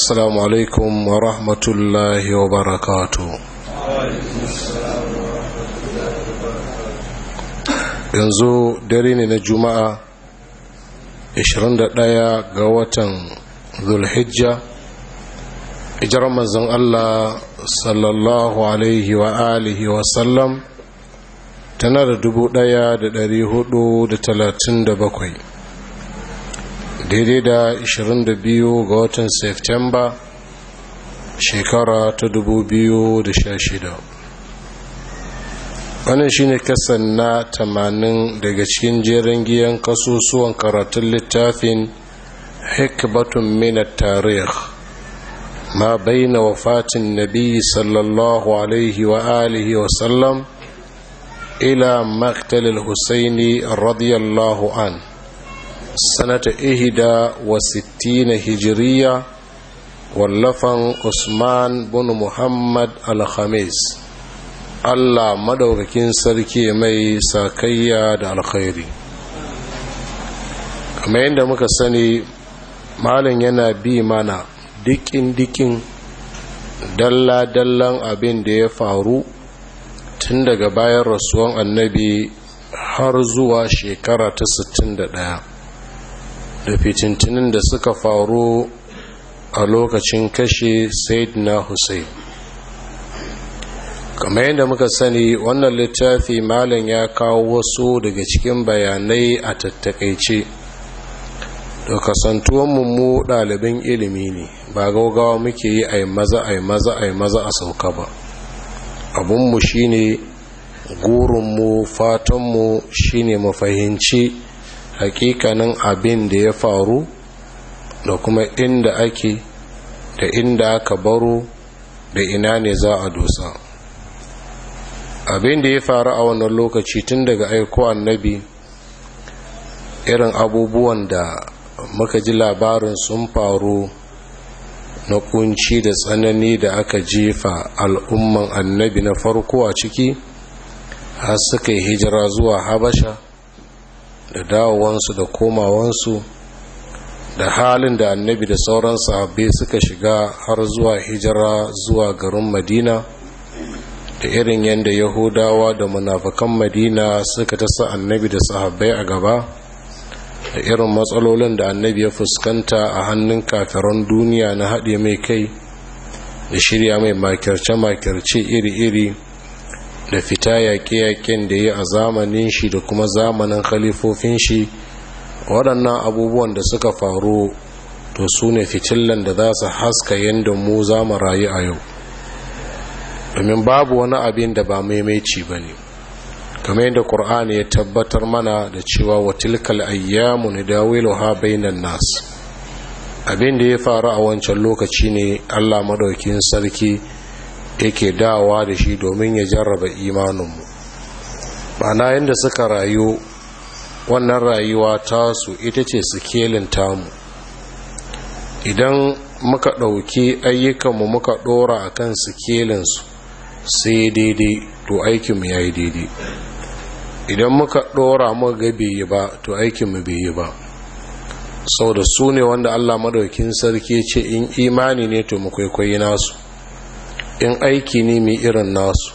السلام عليكم ورحمة الله وبركاته yanzu dare ne na juma'a 21 ga watan zulhijja ijar manzon allah sallallahu alaihi wa alihi sallam tana da 1437 daidai da 22 ga watan september shekara ta 2016 wannan shine kasan na 80 daga cikin jerin giyan kasusuwan karatun littafin hikbatun minat tarih ma baina wafatin nabi sallallahu alaihi wa alihi wa sallam ila maktalil husaini radiyallahu anhu sanata ihida wa sittina hijiriya wallafan usman bin muhammad al-khamis allah madaukakin sarki mai sakayya da alkhairi kamar yadda muka sani malin yana bi mana dikin-dikin dalla-dallan abin da ya faru tun daga bayan rasuwan annabi har zuwa shekara ta 61 da fitintunin da suka faru a lokacin kashe said na hussein kamar yadda muka sani wannan littafi malam ya kawo wasu daga cikin bayanai a tattakaice da kasantuwanmu mu ɗalibin ilimi ne ba gaugawa muke yi a maza a maza a maza a sauka ba abinmu shine gurinmu fatanmu shine mafahimci hakikanin abin da ya faru da kuma inda ake da inda aka baro da ina ne za a dosa abin da ya faru a wannan lokaci tun daga aiko annabi irin abubuwan da muka ji labarin sun faru na kunci da tsanani da aka jefa al'umman annabi na farko a ciki har suka yi hijira zuwa habasha da dawowansu da komawansu da halin da annabi da sauran sahabbai suka shiga har zuwa hijira zuwa garin madina da irin yadda yahudawa da munafakan madina suka tasa annabi da sahabbai a gaba da irin matsalolin da annabi ya fuskanta a hannun kafiran duniya na haɗe mai kai da shirya mai makirce-makirce iri-iri da fita yaƙe-yaƙen da ya a zamanin shi da kuma zamanin khalifofin shi waɗannan abubuwan da suka faru to su ne fitillan da za su haska yadda mu za mu rayu a yau domin babu wani abin da ba maimaici ba ne kamar yadda ƙur'ani ya tabbatar mana da cewa watilkal ayyamu ne ha bainan nas abin da ya faru a wancan lokaci ne allah maɗaukin sarki yake dawa da shi domin ya jarraba imaninmu ma'ana yadda suka rayu wannan rayuwa tasu ita ce sikelin mu. idan muka ɗauki ayyukanmu muka ɗora a kan kelinsu sai daidai to aikinmu ya yi daidai idan muka ɗora muka ga yi ba to aikinmu bai yi ba sau da su ne wanda allah maɗaukin sarki ce in imani ne to mu kwaikwayi nasu in aiki ne mai irin nasu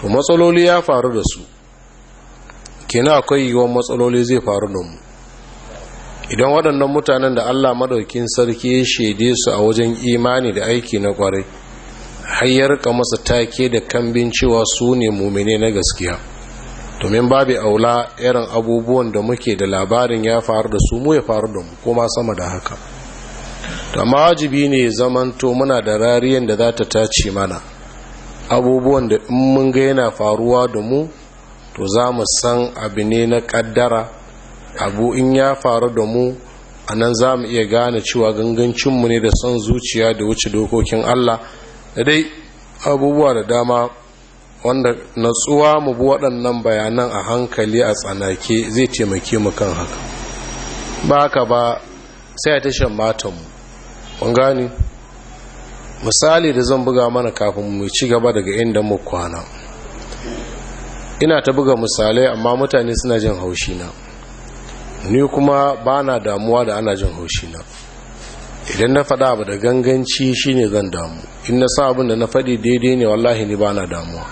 to matsaloli ya faru da su kina akwai yiwuwar matsaloli zai faru da mu idan waɗannan mutanen da allah maɗaukin sarki ya shaide su a wajen imani da aiki na ƙwarai hayar ka masa take da kambin cewa su ne mumine na gaskiya domin babu aula irin abubuwan da muke da labarin ya faru da su mu ya faru da mu kuma sama da haka to wajibi ne zamanto muna da rariyan da za ta tace mana abubuwan da in mun ga yana faruwa da mu to za mu san abu ne na kaddara abu in ya faru da mu a nan za mu iya gane cewa gangancinmu ne da son zuciya da wuce dokokin allah da dai abubuwa da dama wanda natsuwa mu bi waɗannan bayanan a hankali a tsanake zai taimake mu kan haka ba haka ba sai a tashin matanmu mun gani misali da zan buga mana kafin mu ci gaba daga inda mu kwana ina ta buga misalai amma mutane suna jin haushi na ni kuma ba na damuwa da ana jin haushi na idan na faɗa abu da ganganci shi ne zan damu in na sa da na faɗi daidai ne wallahi ni ba na damuwa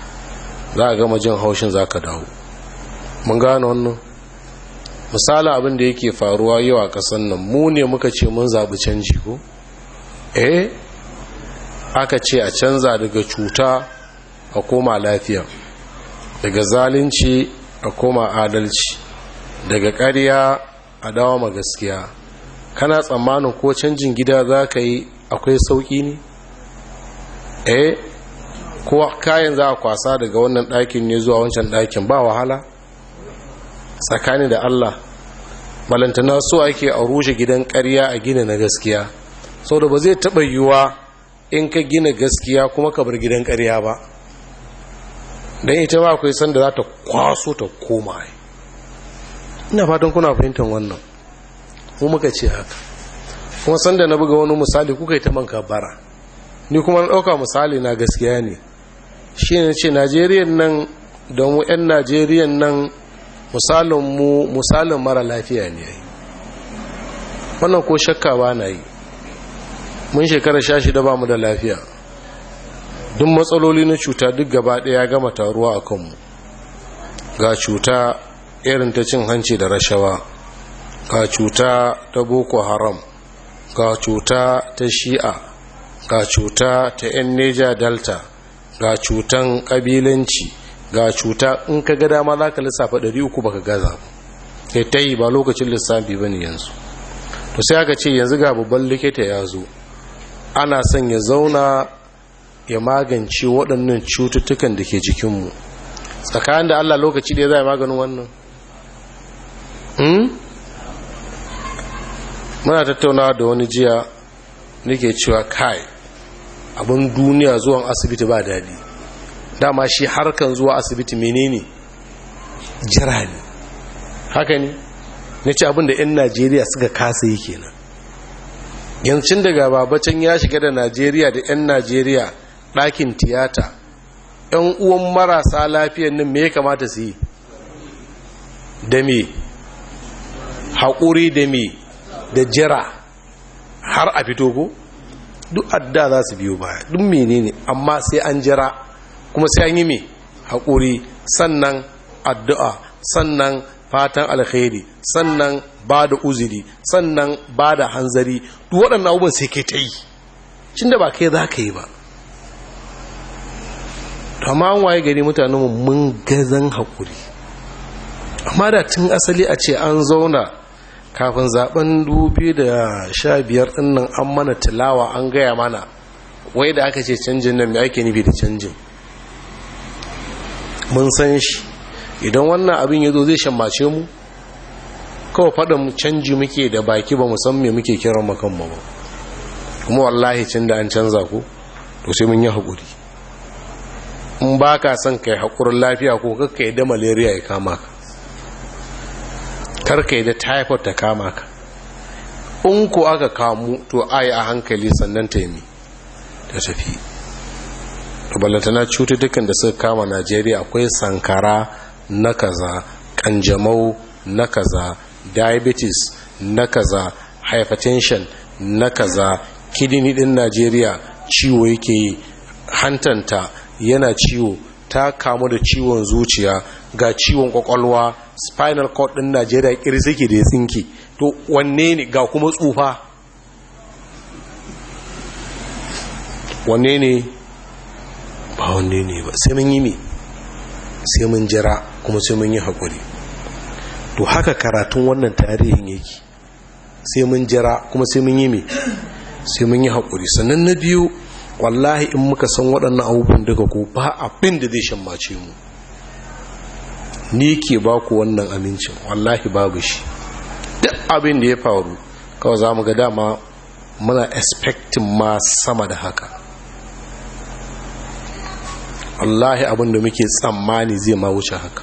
za a gama jin haushin za ka dawo mun gane wannan misali abin da yake faruwa yau a ƙasan nan mu ne muka ce mun zaɓi canji ko eh aka ce a canza daga cuta a koma lafiya daga zalunci a koma adalci daga ƙarya a dawo ma gaskiya kana tsammanin ko canjin gida za ka yi akwai sauƙi ne eh ko kayan za a kwasa daga wannan ɗakin ne zuwa wancan ɗakin ba wahala tsakani da allah malantana so ake a rushe gidan ƙarya a gina na gaskiya sau da ba zai taɓa yiwuwa in ka gina gaskiya kuma ka bar gidan karya ba don ita ba akwai sanda za ta kwaso ta koma ina fatan kuna fahimtar wannan mu muka ce haka kuma sanda na buga wani misali kuka yi ta manka bara ni kuma na ɗauka misali na gaskiya ne shi ne ce najeriya nan da mu 'yan najeriya nan misalin mu misalin mara lafiya ne wannan ko shakka ba na yi mun shekara sha shida ba mu da lafiya duk matsaloli na cuta duk gaba ɗaya gama taruwa a kanmu ga cuta irin ta cin hanci da rashawa ga cuta ta boko haram ga cuta ta shi'a ga cuta ta 'yan neja delta ga cutan kabilanci. ga cuta in ka ga dama za ka lissafa 300 baka gaza ba ta yi ba lokacin lissafi ba ne yanzu to sai aka ce yanzu ga babban likita ya zo ana son ya zauna ya magance waɗannan cututtukan da ke jikinmu tsakanin da allah lokaci da ya a maganin wannan hmm? muna tattaunawa da wani jiya nake cewa kai abin duniya zuwan asibiti ba daɗi dama shi harkan zuwa asibiti menene jira ne haka ne na ce abin da 'yan najeriya suka kasa yi kenan yancin daga babacin ya shiga da najeriya da 'yan najeriya ɗakin tiyata 'yan uwan marasa lafiyan nan me ya kamata su yi da me haƙuri da me da jira har a fito ko duk adda za su biyo baya duk ne amma sai an jira kuma sai an yi me haƙuri sannan addu'a sannan fatan alkhairi sannan ba da uziri sannan ba da hanzari duk waɗannan abubuwan sai ke ta yi cin da ba kai za ka yi ba amma an waye gari mutanenmu mun gazan haƙuri amma da tun asali a ce an zauna kafin zaben 2015 biyar ɗinnan an mana tilawa an gaya mana wai da aka ce canjin nan mai ake nufi da canjin mun san shi idan wannan abin ya zo zai shammace mu kawai faɗin canji muke da baki ba musamman muke kiran makanmu ba kuma wallahi cin da an canza ku to sai mun yi haƙuri in ba ka son ka yi haƙurin lafiya ko kakka da malaria ya kama ka karka yi da typhoid ta kama ka in ku aka kamu to ayi a hankali sannan ta yi ta tafi na ballantana cututtukan da suka kama najeriya akwai sankara na kaza kanjamau na kaza diabetes na kaza hypertension na kaza kidini din najeriya ciwo yake yi hantanta yana ciwo ta kamu da ciwon zuciya ga ciwon kwakwalwa spinal cord din najeriya suke da ya tsinki to wanne ne ga kuma tsufa wanne ne ba wanne ne ba sai mun yi mai. sai mun jira kuma sai mun yi haƙuri to haka karatun wannan tarihin yake sai mun jira kuma sai mun yi mai sai mun yi haƙuri sannan na biyu wallahi in muka san waɗannan abubuwan daga ko ba abin da zai shammace mu ni ke ba ku wannan amincin wallahi babu shi duk abin da ya faru kawai za mu ga dama muna expecting ma sama da haka wallahi abin da muke tsammani zai ma wuce haka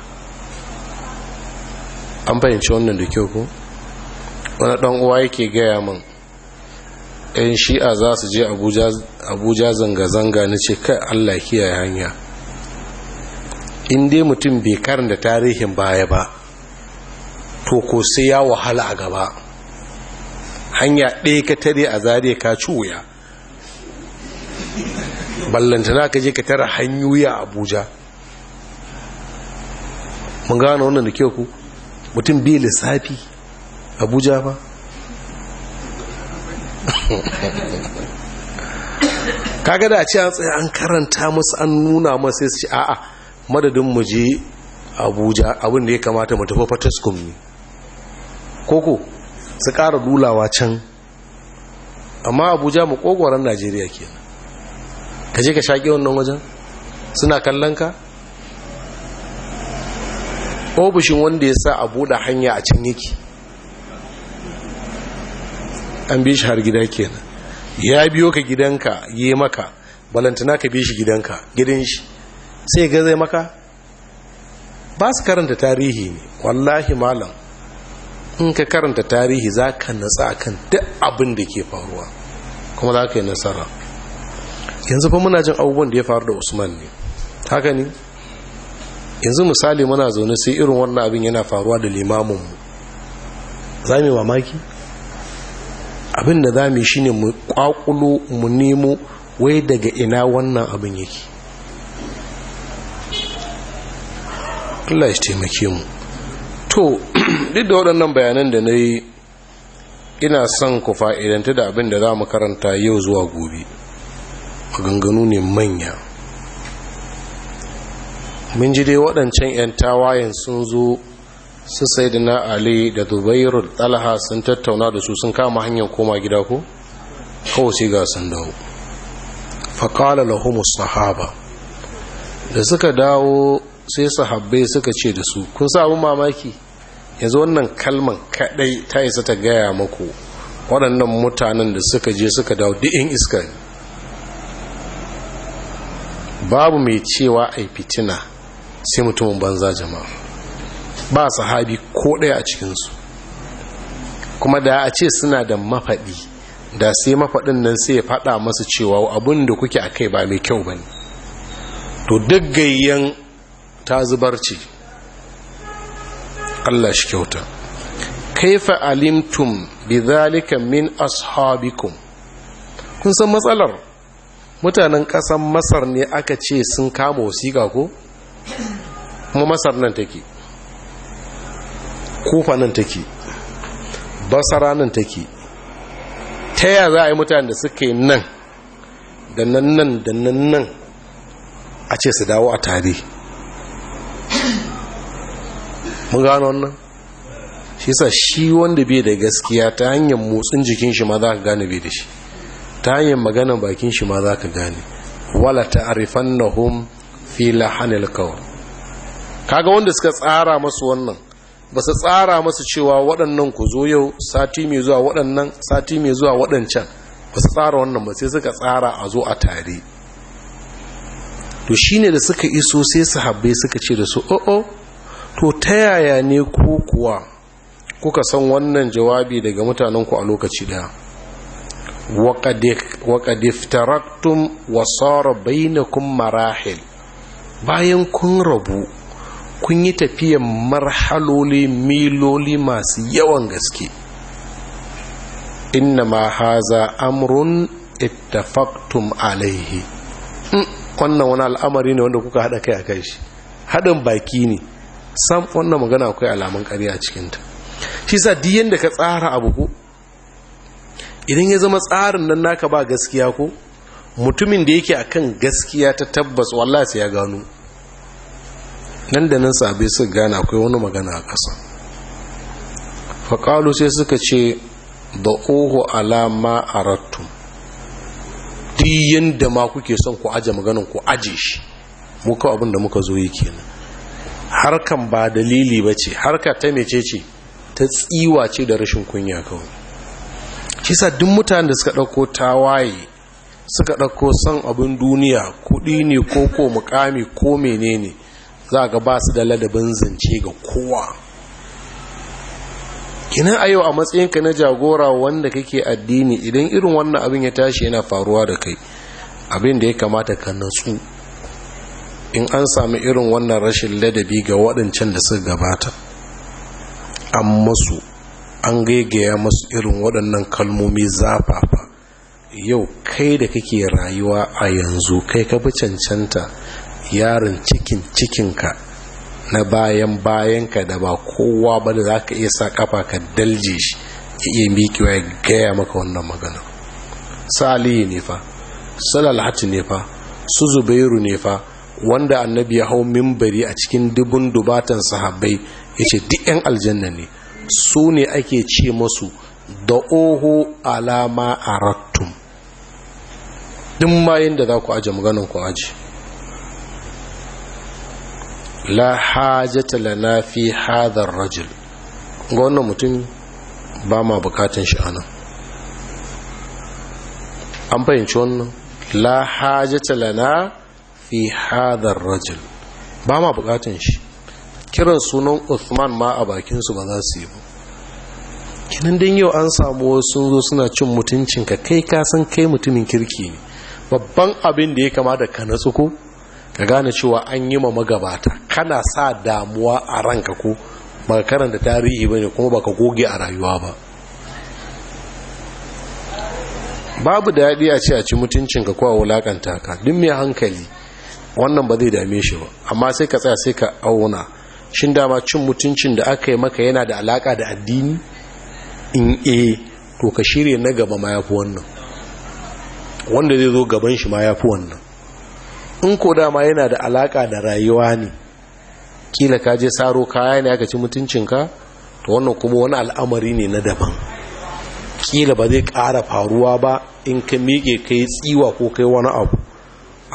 an fahimci wannan da kyau ko wani ɗan uwa yake gaya min yan shi'a za su je abuja zanga-zanga na ce kai allah kiyaye hanya in dai mutum bai karanta tarihin baya ba to ko sai ya wahala a gaba hanya ɗaya ka tare a Zariya ka ci wuya Ballanta ka je ka tara hanyoyi a abuja mun gano wannan da kyau ku mutum biyu lissafi abuja ba kaga da a ce an tsaye an karanta masu an nuna masu sai a'a madadin mu je abuja abinda ya kamata mu tafi fataskum ne koko su ƙara dulawa can amma abuja mu kogoron najeriya kenan ka je ka shaƙi wannan wajen suna kallon ka ofishin wanda ya sa a buɗe hanya a cin yake an bi shi har gida kenan ya biyo ka gidanka yi maka balantana ka bi shi gidanka gidan shi sai ga zai maka ba su karanta tarihi ne wallahi malam in ka karanta tarihi za ka natsa kan duk abin da ke faruwa kuma za ka yi nasara yanzu fa muna jin abubuwan da ya faru da usman ne haka ne yanzu misali muna zaune sai irin wannan abin yana faruwa da mu, za mu yi mamaki abin da za mu yi shi mu kwakulo mu nemo wai daga ina wannan abin yake Allah ya taimake mu to duk da waɗannan bayanan da nayi ina son ku fa'idanta da abin da za mu karanta yau zuwa gobe maganganu ne manya mun ji dai waɗancan 'yan tawayen sun zo su sai da na ali da dubairun talha sun tattauna da su sun kama hanyar koma gida ko kawai sai ga sun dawo faƙala lahumus sahaba da suka dawo sai sahabbai suka ce da su kun sa abin mamaki yanzu wannan kalman kaɗai ta isa ta gaya maku waɗannan mutanen da suka je suka dawo duk 'yan iska babu mai cewa ai fitina sai mutumin banza jama'a ba sahabi ko ɗaya a cikinsu kuma da a ce suna da mafaɗi da sai mafaɗin nan sai ya faɗa masu cewa abin da kuke a kai ba mai kyau ba ne to duk gayyan ta zubar ce allah shi kyauta kaifa alimtum bi zalika min ashabikum kun san matsalar mutanen ƙasan masar ne aka ce sun kama wasiƙa ko kuma masar nan take kufa nan take basara nan take ta yi za a yi mutane da suka yi nan da nan nan da nan nan a ce su dawo a tare mun gano wannan shi sa shi wanda bai da gaskiya ta hanyar motsin jikin shi ma za ka gane bai da shi ta hanyar maganan bakin shi ma za ka gane wala ta'rifannahum fila hannun kawo kaga wanda suka tsara masu wannan ba su tsara masu cewa waɗannan ku zo yau sati mai zuwa waɗannan sati mai zuwa waɗancan ba su tsara wannan ba sai suka tsara a zo a tare to shi ne da suka iso sai habbe suka ce da su o'o oh, oh, to ta yaya ne ko kuwa kuka san wannan jawabi daga mutanenku a lokaci daya waƙad iftaraktum wa tsara bainakum marahil bayan kun rabu kun yi tafiyan marhaloli miloli masu yawan gaske inna ma haza amrun ittafaqtum alaihi wannan wani al'amari ne wanda kuka haɗa kai a kai shi haɗin baki ne sam wannan magana akwai alamun ƙarya cikinta shi sa diyan da ka tsara abu idan ya zama tsarin nan naka ba gaskiya ko mutumin da yake akan gaskiya ta tabbas wallahi sai ya gano nan da nan sabai su gane akwai wani magana a ƙasa faƙalu sai suka ce da ohu alama a rattun duk yadda ma kuke son ku aje maganin ku aje shi muka abin da muka zo yi kenan harkan ba dalili ba ce harka ta mece ce ta tsiwa ce da rashin kunya kawai kisa duk mutane da suka ɗauko tawaye suka ɗauko son abin duniya kuɗi ne ko ko mukami ko menene za ga ba su da ladabin zance ga kowa kina a yau a matsayinka na jagora wanda kake addini idan irin wannan abin ya tashi yana faruwa da kai abin da ya kamata ka natsu in an sami irin wannan rashin ladabi ga waɗancan da suka gabata an masu an gaigaya masu irin waɗannan kalmomi zafafa yau kai da kake rayuwa a yanzu kai ka fi cancanta yaron cikin cikinka na bayan bayanka da ba kowa ba da za ka iya sa kafa ka dalje shi ya iya mikiwa ya gaya maka wannan magana salihi ne fa salalhati ne fa su zubairu ne fa wanda annabi ya hau mimbari a cikin dubun dubatan sahabbai ya ce duk 'yan aljanna ne su ne ake ce masu da oho alama a rattun din mayin da za ku aji maganin ku aji la hajjata lana fi hadar rajul ga wannan mutum ba ma bukatun shi anan an fahimci wannan la hajjata lana fi hadar rajul ba ma bukatun shi kiran sunan Usman ma a bakinsu ba za su yi ba kinan dan yau an samu wasu zo suna cin mutuncin ka kai ka san kai mutumin kirki ne babban abin da ya kamata ka natsu ko ka gane cewa an yi ma magabata kana sa damuwa a ranka ko ba karanta tarihi bane kuma ba ka goge a rayuwa ba babu daɗi a ce a ci ka ko a wulakanta ka duk mai hankali wannan ba zai dame shi ba amma sai ka tsaya sai ka auna shin dama cin mutuncin da aka yi maka yana da alaka da addini in e to ka shirya na gaba ma ya fi wannan wanda zai zo gaban shi ma ya fi wannan in ko dama yana da alaka da rayuwa ne kila ka je saro kaya ne aka ci mutuncinka to wannan kuma wani al'amari ne na daban kila ba zai ƙara faruwa ba in ka miƙe yi tsiwa ko kai wani abu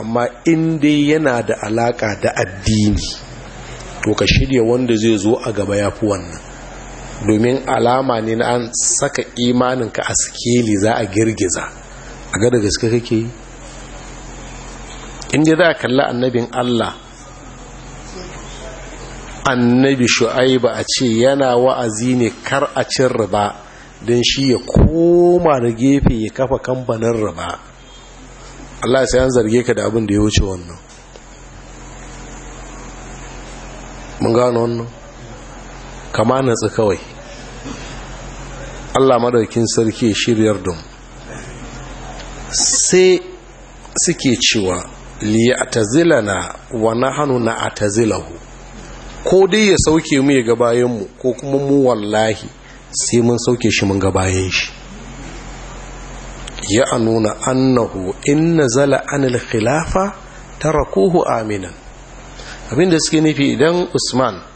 amma in dai yana da alaka da addini to ka shirya wanda zai zo a gaba ya fi wannan domin alama ne na an saka imaninka a sikeli za a girgiza a ga da gaske kake yi inda za a kalli annabin Allah annabi shu'aiba a ce yana wa'azi ne kar a cin riba don shi ya koma da gefe ya kafa kamfanin riba Allah ya an zarge ka da abin da ya wuce wannan mun gano wannan kama tsi kawai allah madaukin sarki shiryar dum sai suke cewa liyatazilana wa na atazilahu, ko dai ya sauke mu ya ga ko kuma mu wallahi sai mun sauke shi mun ga bayan shi ya anuna annahu in nazala anil khilafa tarakuhu aminan abinda suke nufi idan usman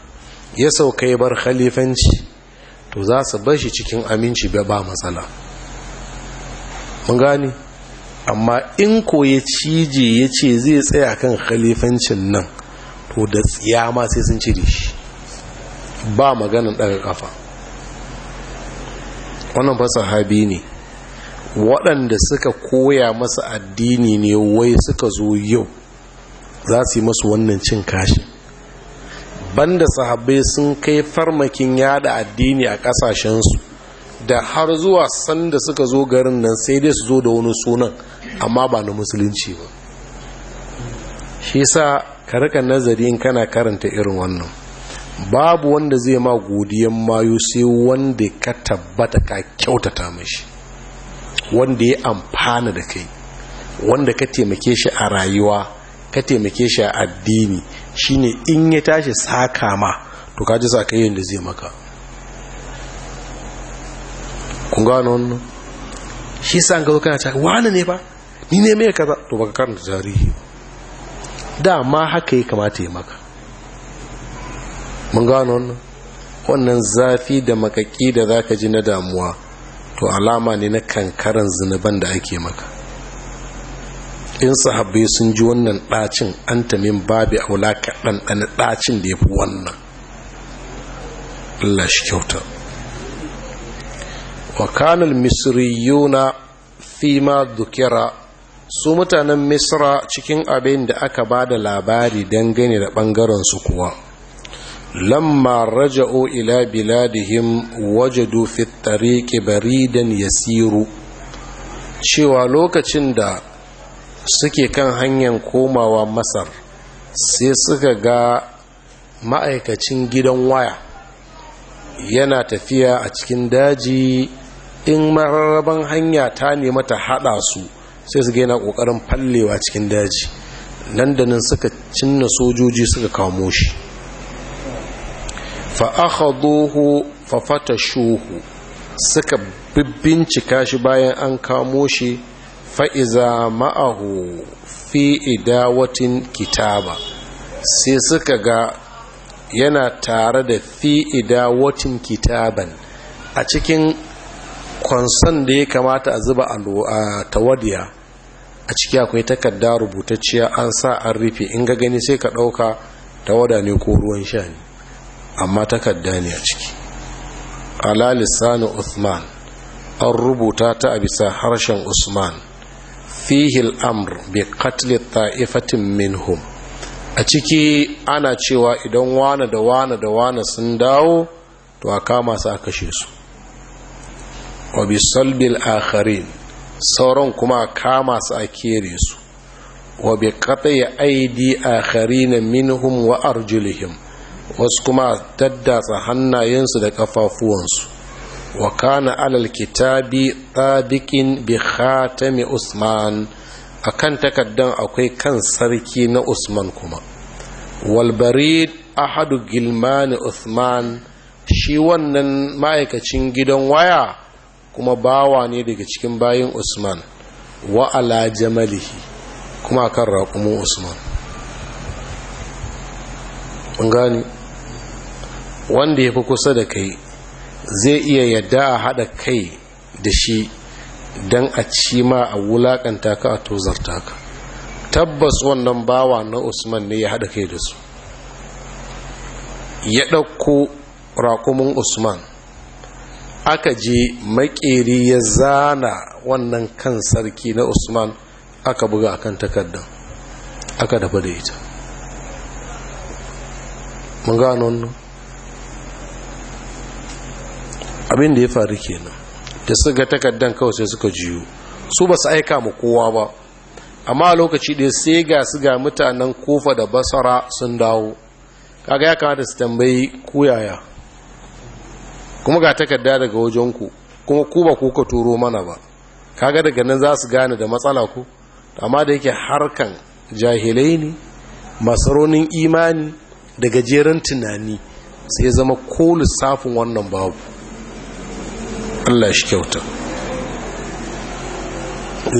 ya sauka ya bar khalifanci to za su bar shi cikin aminci ba ba matsala mun gani amma in ko ya cije ya ce zai tsaya kan khalifancin nan to da tsiyama sai sun cire shi ba maganin daga kafa wannan ba sahabi ne waɗanda suka koya masa addini ne wai suka zo yau za su yi masu wannan cin kashin banda sahabbai sun kai farmakin yada addini a kasashensu da har zuwa sanda suka zo garin nan sai dai su zo da wani sunan amma ba na musulunci ba shi sa ka rika nazari in kana karanta irin wannan babu wanda zai ma godiyan mayu sai wanda ka tabbata ka kyautata mashi wanda ya amfana da kai wanda ka taimake shi a rayuwa ka taimake shi a addini shine in ya tashi saka ma to kaji yin da zai maka kun gano wannan shi sa an ga kana ta wani ne ba ni ne mai kaza to baka karanta tarihi dama haka ya kamata ya maka mun gano wannan wannan zafi da makaki da zaka ji na damuwa to alama ne na kankaran zunuban da ake maka Yan sahabbai sun ji wannan ɗacin an tamin babi aula kaɗan ɗan ɗacin da ya fi wannan Allah shi kyauta wa kanal Yuna, fima dukira su mutanen misra cikin abin da aka ba da labari dangane da ɓangaren su kuwa lamma raja'u ila biladihim wajadu fi tariqi baridan yasiru cewa lokacin da suke kan hanyar komawa masar sai suka ga ma'aikacin gidan waya yana tafiya a cikin daji in mararraban hanya ta nema ta hada su sai su gaina kokarin fallewa cikin daji nan da nan suka cinna sojoji suka kamo shi fa'akhaduhu shuhu suka bincika shi bayan an kamo shi fa'iza ma'ahu fi idawatin kitaba sai suka ga yana tare da fi idawatin kitaban a cikin kwanson da ya kamata a zuba a tawadiya a ciki akwai takarda rubutacciya an sa an rufe in ga gani sai ka ɗauka tawada ne ko ruwan sha ne amma takarda ne a ciki ala usman an rubuta ta a bisa harshen usman fihil amr bi qatl ta'ifatin minhum a ciki ana cewa idan wane da wane da wane sun dawo to a kama su a kashe su wa bi salbil akharin sauran kuma a kama su a kere su wa bi aidi akharin minhum wa arjulihim wasu kuma daddatsa hannayensu da kafafuwansu وكان على alal kitabi tsabikin عثمان khatami usman akan كان akwai kan sarki na usman kuma walbarid gilmani usman shi wannan ma'aikacin gidan waya kuma bawa ne daga cikin bayin usman wa ala jamalihi kuma kan raƙumin usman gani wanda ya fi kusa da kai zai iya yadda a haɗa kai da shi don a ci ma a wulaƙanta ka a tozarta ka tabbas wannan bawa na usman ne ya haɗa kai da su ya ɗauko raƙumin usman aka je makeri ya zana wannan kan sarki na usman aka buga a kan takardar aka dafa da ita mun gano wannan abin da ya faru kenan da su ga takardan kawai sai suka jiyo su ba su aika mu kowa ba amma a lokaci da sai ga su ga mutanen kofa da basara sun dawo kaga ya kamata su tambayi kuyaya kuma ga takarda daga wajenku kuma ku ba kuka turo mana ba kaga daga nan za su gane da matsala ku amma da yake harkan jahilai ne masaronin imani da gajeren tunani sai zama ko lissafin wannan babu Allah shi kyauta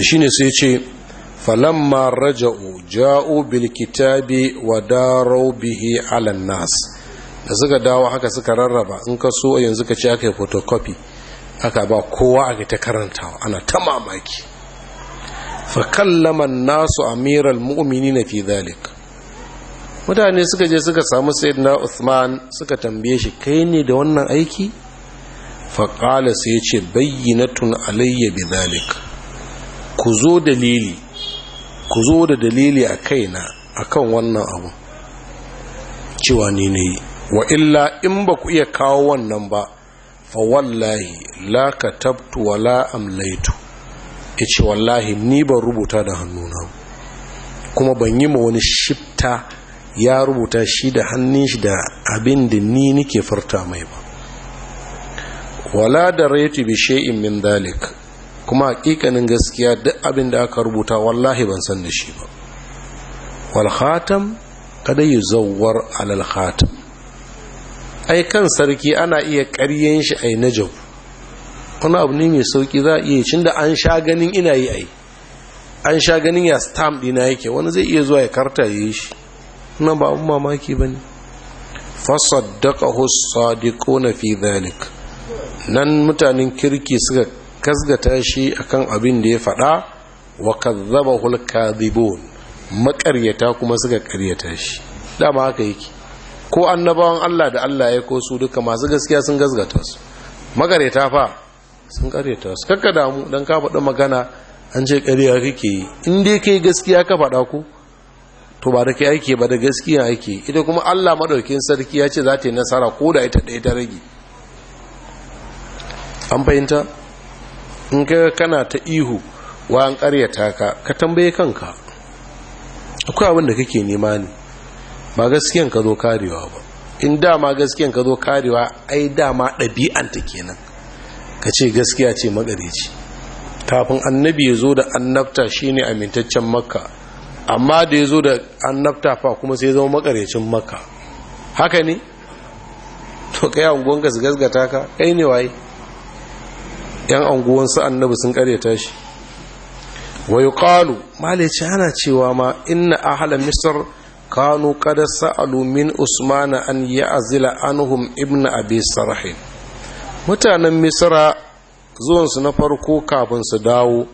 shi ne sai ce falamma raja'u ja'u bil kitabi wa darau bihi ala nas da suka dawo haka suka rarraba in ka so yanzu ka ce aka yi photocopy aka ba kowa aka ta karantawa ana ta mamaki fa kallama nasu amiral mu'minina fi dhalik mutane suka je suka samu sayyidina Usman suka tambaye shi kai ne da wannan aiki faƙala sai ce bayyanatun alayya bi zalik ku zo dalili ku zo da dalili a kaina akan wannan abu cewa ni ne wa illa in ba ku iya kawo wannan ba fa wallahi la katabtu wa la amlaitu yace wallahi ni ban rubuta da hannuna kuma ban yi ma wani shifta ya rubuta shi da hannun shi da abin da ni nike farta mai ba wala da raitu bi shay'in min dalik kuma hakikanin gaskiya duk abin da aka rubuta wallahi ban san da shi ba wal khatam kada yuzawwar alal khatam ai kan sarki ana iya ƙaryen shi ai najab wani abu ne mai sauki za a iya cin da an sha ganin ina yi ai an sha ganin ya stamp dina yake wani zai iya zuwa ya karta yi shi nan ba abun mamaki ba ne fasaddaqahu as-sadiquna fi dhalik nan mutanen kirki suka kasgata shi akan abin da ya faɗa wa hulka kadhibun maƙaryata kuma suka ƙaryata shi dama haka yake ko annabawan Allah da Allah ya ko su duka masu gaskiya sun gasgata su makaryata fa sun ƙaryata su kakka damu dan ka faɗi magana an ce ƙarya kake yi in dai kai gaskiya ka faɗa ku to ba da kai ake ba da gaskiya ake ita kuma Allah madaukin sarki ya ce za ta yi nasara ko da ita ɗaya ta rage an fahimta in ka kana ta ihu wa an karyata ka ka tambaye kanka akwai abin da kake nema ne ba gaskiyan ka zo karewa ba in dama gaskiyan ka zo karewa ai dama ɗabi'anta kenan ka ce gaskiya ce magareci kafin annabi ya zo da annabta ne amintaccen makka amma da ya zo da annabta fa kuma sai zama makarecin makka haka ne to kai anguwanka su gasgata ka kai ne waye yan anguwansu annabi sun karyata shi wa yuqalu malice ana cewa ma inna ahla misr kanu qad sa'alu min usmana an ya'zila anhum ibnu abi sarh mutanen misra zuwansu na farko kafin su dawo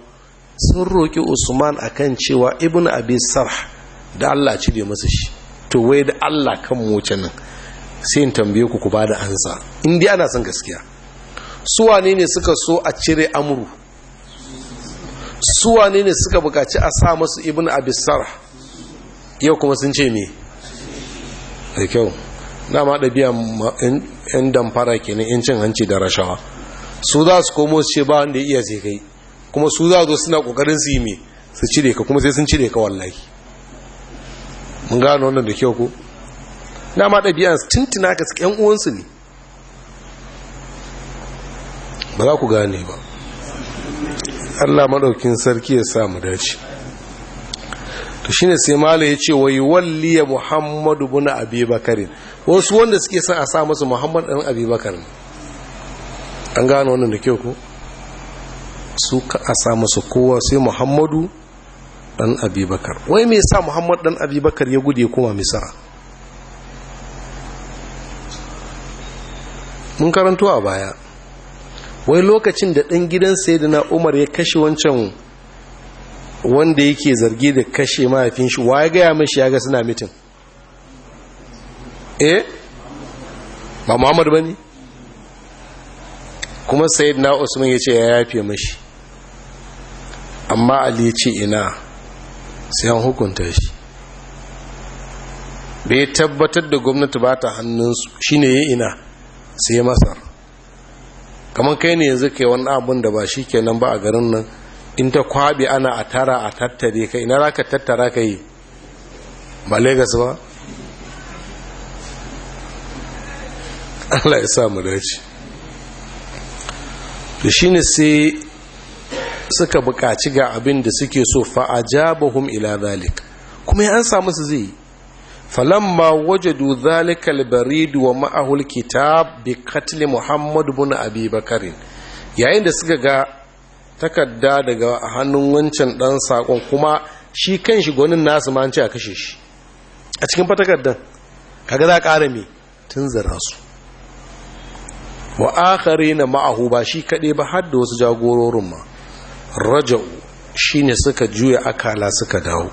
sun roki usman akan cewa ibnu abi sarh da Allah ci cire masa shi to wai da Allah kan mu nan sai in tambaye ku ku bada ansa in dai ana son gaskiya suwane ne suka so a cire amuru suwane ne suka bukaci a sa masu ibn abisar yau kuma sun ce me da kyau dama ɗabi'a yan damfara ke na cin hanci da rashawa su za su komo su ce ba wanda iya ce kai kuma su za su zo suna ƙoƙarin su yi me su cire ka kuma sai sun cire ka wallahi mun gano wannan da kyau ko ma ɗabi'a tuntuna ka su ƴan uwansu ne ba za ku gane ba allah maɗaukin sarki ya samu dace to shine sai mala ya ce wai walliya muhammadu buna abubakar wasu wanda suke sa a sa musu muhammad ɗan abubakar an gano wannan da kyau ko su ka a sa musu kowa sai muhammadu ɗan abubakar wai me sa muhammad ɗan abubakar ya gude kuma misra mun karanto a baya wai lokacin da ɗan gidan sayyidina umar ya kashe wancan wanda yake zargi da kashe mahaifin shi waye gaya mashi ya ga suna mitin eh ba Muhammadu ba ne kuma sayyidina usman ya ce ya yafe mashi amma ali ya ce ina sai an hukunta shi bai tabbatar da gwamnati ba ta hannunsu shine ya ina sai masar kamar kai ne yanzu kai wani abun da ba shi kenan ba a garin nan in ta kwabi ana a tara a tattare kai ina za ka tattara ka yi ba Legas ba allah ya sa mu dace to ne sai suka buƙaci ga abin da suke so fa'ajabahum ila zalik kuma ya an samu su zai yi falamma wajadu dhalika al-barid wa ma'ahu al-kitab bi qatl yayin da suka ga takarda daga hannun wancan dan sakon kuma shi shi gonin nasu ma an ce a kashe shi a cikin fatakardan kaga za ƙara me zara su wa akharina ma'ahu ba shi kaɗai ba har da wasu jagororin ma raja'u shine suka juya akala suka dawo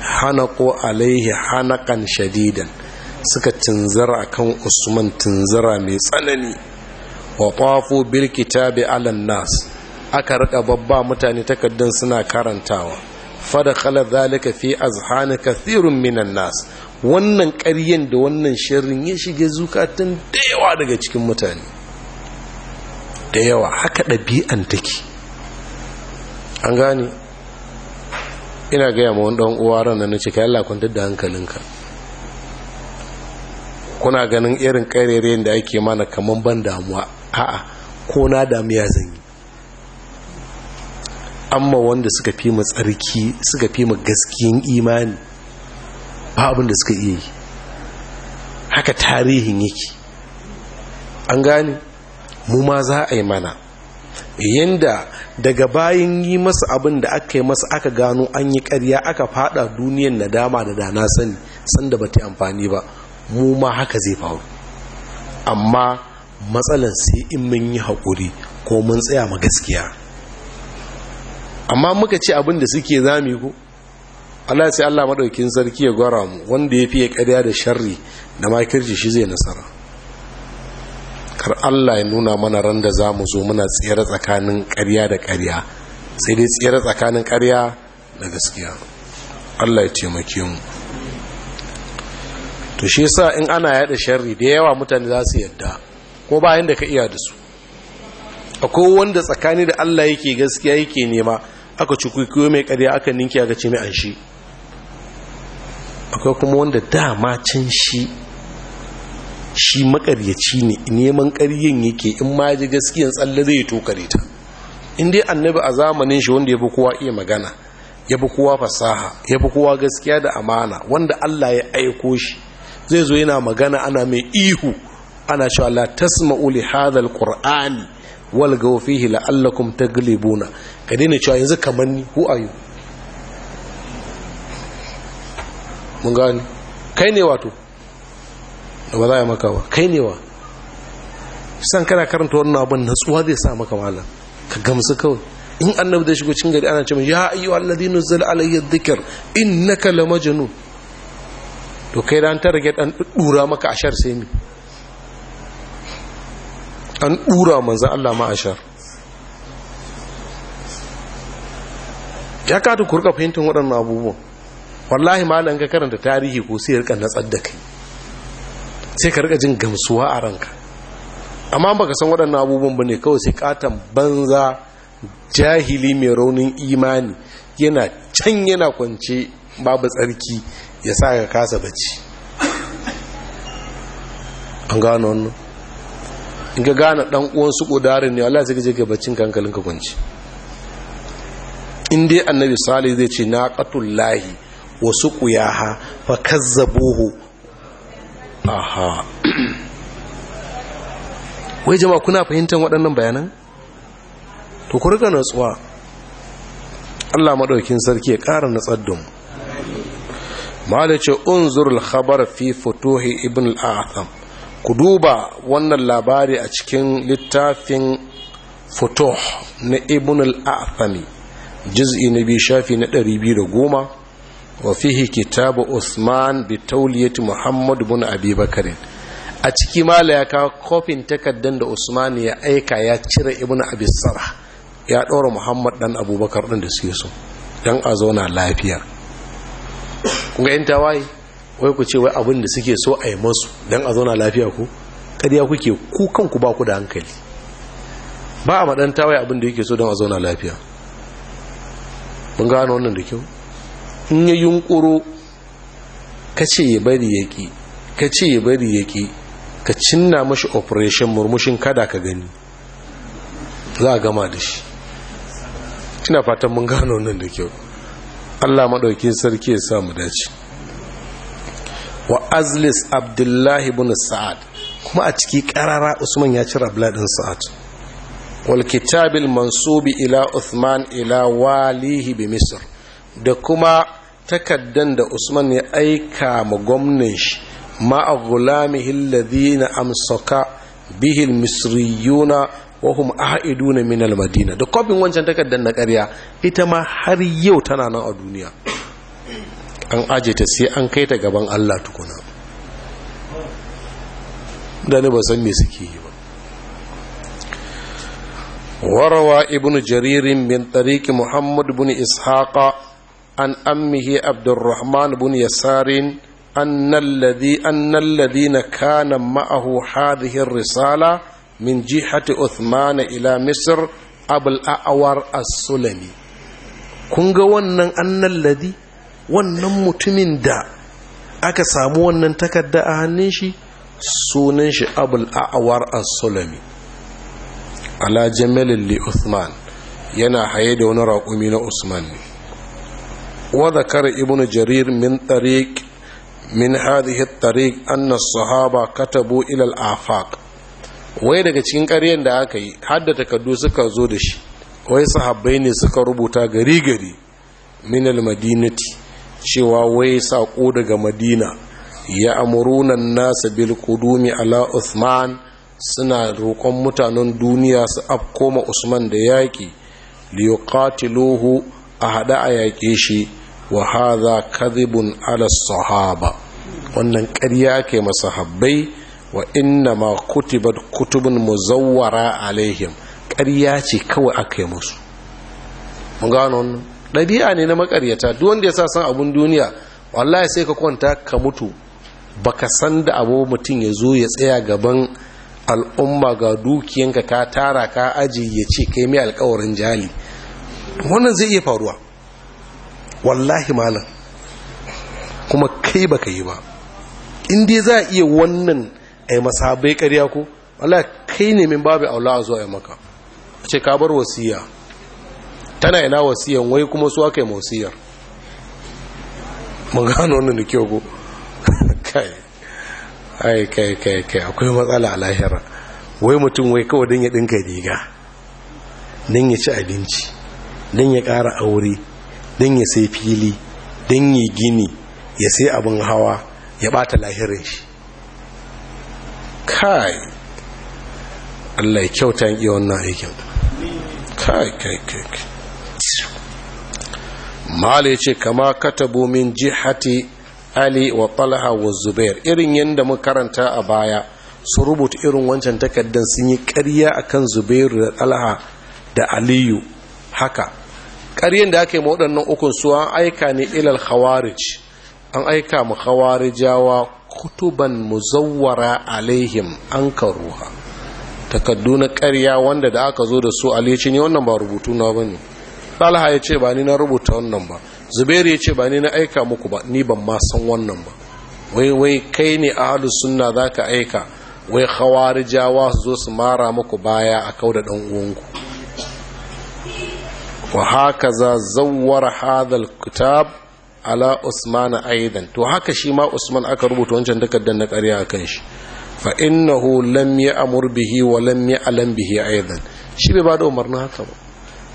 hanako alaihi hanakan shadidan suka tunzara kan usman tunzara mai tsanani wa tafo bil kitabi alan nas aka rika babba mutane takaddun suna karantawa fada khala zalika fi azhani kathirun minan nas wannan ƙaryen da wannan shirin ya shige zukatun da yawa daga cikin mutane da yawa haka ɗabi'an take an gane ina gaya ma wani uwa ran nan ce yalla kwantar da hankalinka kuna ganin irin ƙarerayen da ake mana kaman ban damuwa a'a ko na damu ya zanyi amma wanda suka fi mu tsarki suka fi mu gaskiyin imani ba abin da suka iya yi haka tarihin yake an gane mu ma za a yi mana yanda daga bayan yi masa abin da aka yi masa aka gano an yi karya aka fada duniyan nadama da dana sani sanda ba ta amfani ba mu ma haka zai faru amma matsalan sai in mun yi haƙuri ko mun tsaya ma gaskiya amma muka ce abin da suke zami ku Allah sai Allah maɗaukin sarki ya gwara mu wanda ya fiye ƙarya da sharri da makirci shi zai nasara kar Allah ya nuna mana ran da za mu zo muna tsere tsakanin ƙarya da ƙarya sai dai tsere tsakanin ƙarya da gaskiya Allah ya taimake mu to shi yasa in ana yada sharri da yawa mutane za su yadda ko ba yanda ka iya da su akwai wanda tsakani da Allah yake gaskiya yake nema aka ci kuikuyo mai ƙarya aka ninki aka ce mai an shi akwai kuma wanda dama can shi shi makaryaci ne neman karyin yake in ma ji gaskiyan tsalle zai tokare ta in dai annabi a zamanin shi wanda ya fi kowa iya magana ya fi kowa fasaha ya fi kowa gaskiya da amana wanda Allah ya aiko shi zai zo yana magana ana mai ihu ana cewa la tasma uli hadal qur'ani wal gawfihi la'allakum taglibuna ka daina cewa yanzu kamar ni who are mun gani kai ne wato da ba za a maka ba kai ne wa san kana karanta wannan abin natsuwa zai sa maka malam ka gamsu kawai in annabi da shigo cikin gari ana cewa ya ayyu alladhi nuzila alayya dhikr innaka lamajnun to kai dan ta rage dan dura maka ashar sai mi an dura manzo Allah ma ashar ya ka ta kurka fahimtar waɗannan abubuwa wallahi malam ka karanta tarihi ko sai rika natsar da kai sai ka rika jin gamsuwa a ranka amma baka san waɗannan abubuwan ba ne kawai sai katon banza jahili mai raunin imani yana can yana kwance babu tsarki ya sa ka kasa bacci an gano wannan in ka gane ɗan uwan su ƙudarin ne Allah sai ka je ka baccin kankalin ka kwance in dai annabi sali zai ce na qatullahi wa suqiyaha fa kazzabuhu aha wai jama'a kuna fahimtar waɗannan bayanan to ku rika natsuwa Allah maɗaukin sarki ya ƙara natsar da mu mala ce unzurul khabar fi futuhi ibn al-atham ku duba wannan labari a cikin littafin futuh na ibn al-athami juz'i na biyu shafi na 210 wa fihi kitabu usman bi tauliyati muhammad bin abi bakarin a ciki mala ya kawo kofin takaddan da usman ya aika ya cire ibn abi sarh ya ɗora muhammad dan abubakar ɗin da suke so dan a na lafiya kuma yan tawaye wai ku ce wai abin da suke so a yi musu. dan a na lafiya ku ƙarya kuke ku kanku ba ku da hankali ba a maɗan tawaye abin da yake so dan a na lafiya mun gano wannan da kyau in ya yunkuro ka ce ya bari ya ki ka ce ya bari ya ki ka cinna mashi operation murmushin kada ka gani za a gama da shi ina fatan mun gano nan da kyau Allah maɗauki sarki ya samu dace wa azlis abdullahi bin sa'ad kuma a ciki ƙarara usman ya rabla bladin sa'ad wal kitabil mansubi ila uthman ila walihi bi misr da kuma takaddan da usman ya aika ma gwamnan shi ma'a gulamihi alladhina amsaka bihi misriyuna wa aidu na minal madina da kofin wancan takaddan na ƙarya ita ma har yau tana nan a duniya an aje ta sai an kai ta gaban Allah tukuna da ni ba san me suke yi ba warawa ibnu jaririn bin tariki muhammad bin ishaqa an ammihi abdurrahman bin yasarin أن الذين كان معه هذه الرسالة من جهة عثمان إلى مصر أبو الأعور السلمي ga wannan أن الذي wannan mutumin da aka samu wannan takarda a hannun shi sunan shi abul a'awar as-sulami ala jamalin li uthman yana haye da wani raƙumi na usman ne وذكر Ibnu Jarir, من طريق من هذه الطريق أن الصحابة كتبوا إلى الآفاق wai daga cikin ƙaryen da aka yi hadda takardu suka zo da shi wai sahabbai ne suka rubuta gari-gari minal madinati cewa wai saƙo daga madina ya amurunan nasa bil kudumi ala uthman suna roƙon mutanen duniya su afkoma usman da yaƙi liyokatiluhu a haɗe a yaƙe shi wa hadha kadhibun ala wannan ƙarya ke masahabbai wa inna ma kutibat kutubun muzawwara alaihim ƙarya ce kawai aka yi musu mun gano wannan ɗabi'a ne na makaryata duk wanda ya sa san abun duniya wallahi sai ka kwanta ka mutu baka san da abu mutum ya zo ya tsaya gaban al'umma ga dukiyanka ka tara ka aji ya ce kai mai alkawarin jali wannan zai iya faruwa wallahi malam kuma kai baka yi ba in dai za a iya wannan a masa masabai ƙarya ko wallahi kai ne min babu aula a zuwa ya maka a ce ka bar wasiya tana yana wasiyan wai kuma su aka yi wasiyar mun gano wannan da kyau ko kai ai kai kai kai akwai matsala a lahira wai mutum wai kawai don ya ɗinka riga don ya ci abinci don ya ƙara aure don ya sai fili don yi gini ya sai abin hawa ya bata lahirin shi kai allah ya kyauta yi wannan aikin kai kai kai mala ya ce kama katabo min jihati ali wa talha wa zubair irin yadda mu karanta a baya su rubuta irin wancan takardar sun yi karya akan zubairu da talha da aliyu haka ƙaryen da aka yi waɗannan ukun su an aika ne ilal khawarij an aika mu khawarijawa kutuban muzawwara alaihim an ruha takaddu na ƙarya wanda da aka zo da su aliyu ne wannan ba rubutu na ba ne ɗalaha ya ce ba ni na rubuta wannan ba zubairu ya ce ba ni na aika muku ba ni ban ma san wannan ba wai wai kai ne a ahalus sunna za ka aika wai khawarijawa su zo su mara muku baya a kau da ɗan uwanku وهكذا زور هذا ala usman عثمان ايضا to haka shi ma Usman aka rubuta wancan takardar na ƙarya akan shi fa innahu a ya'mur bihi wa lam ya'lam bihi aidan shi bai bada umarnin haka ba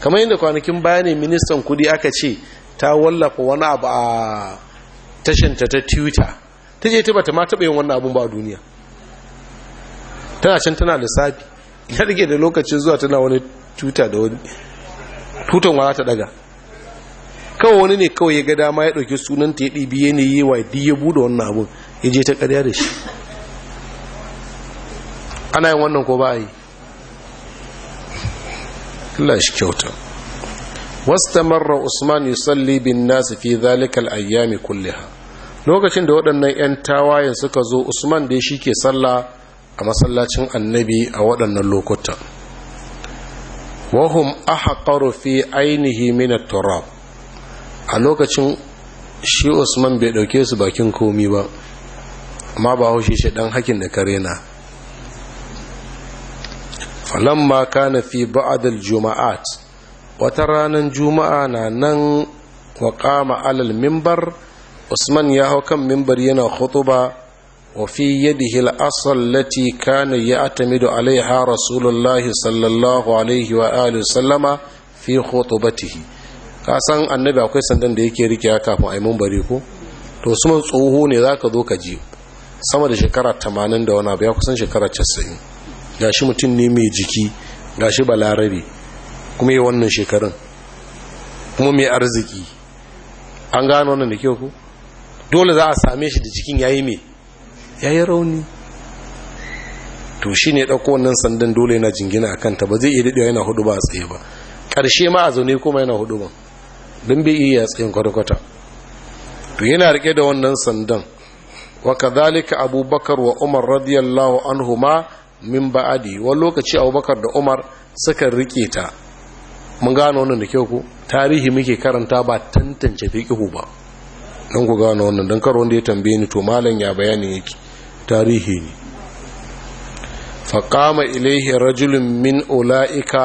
kamar yadda kwanakin baya ne ministan kuɗi aka ce ta wallafa wani abu a tashinta ta Twitter ta je ta bata ma taɓa yin wannan abun ba a duniya tana can tana lissafi ya rike da lokacin zuwa tana wani Twitter da wani tutan wa ta daga kawai wani ne kawai ya ga dama ya ɗauki sunan ta ya ɗibi ya ne yi wa ya ya buɗe wannan abun ya je ta ƙarya da shi ana yin wannan ko ba a yi Allah shi kyauta marar usman yusalli bin nasu fi zalikal ayyami kulliha lokacin da waɗannan 'yan tawayen suka zo usman dai shi ke sallah a masallacin annabi a waɗannan lokutan wahum aha fi ainihi min turab a lokacin shi Usman bai dauke su bakin komi ba amma ba haushi shi dan hakin da kare na falamma kana fi ba'd al-juma'at wata ranar juma'a na nan wa qama alal minbar Usman ya hau kan minbar yana khutuba وفي يده الأصل التي كان يعتمد عليها رسول الله صلى الله عليه وآله وسلم في خطبته kasan annabi akwai sandan da yake rike kafin a yi mumbari ko to su man ne za ka zo ka ji sama da shekara 80 da wani abu ya kusan shekara 90 gashi mutum ne mai jiki gashi balarabe kuma yi wannan shekarun kuma mai arziki an gano wannan da kyau ku dole za a same shi da cikin yayi mai ya yi rauni to shi ne ɗauko wannan sandan dole yana jingina a kanta ba zai iya daɗewa yana hudu ba a tsaye ba ƙarshe ma a zaune kuma yana hudu ba don bai iya tsayin kwata-kwata to yana rike da wannan sandan wa zalika abubakar wa umar radiyallahu ma min ba'adi wani lokaci abubakar da umar suka rike ta mun gano wannan da kyau ku tarihi muke karanta ba tantance fiqihu ba don ku gano wannan don karo wanda ya tambaye ni to malam ya bayani yake tarihi ne faƙama ilaihi rajulun min ula'ika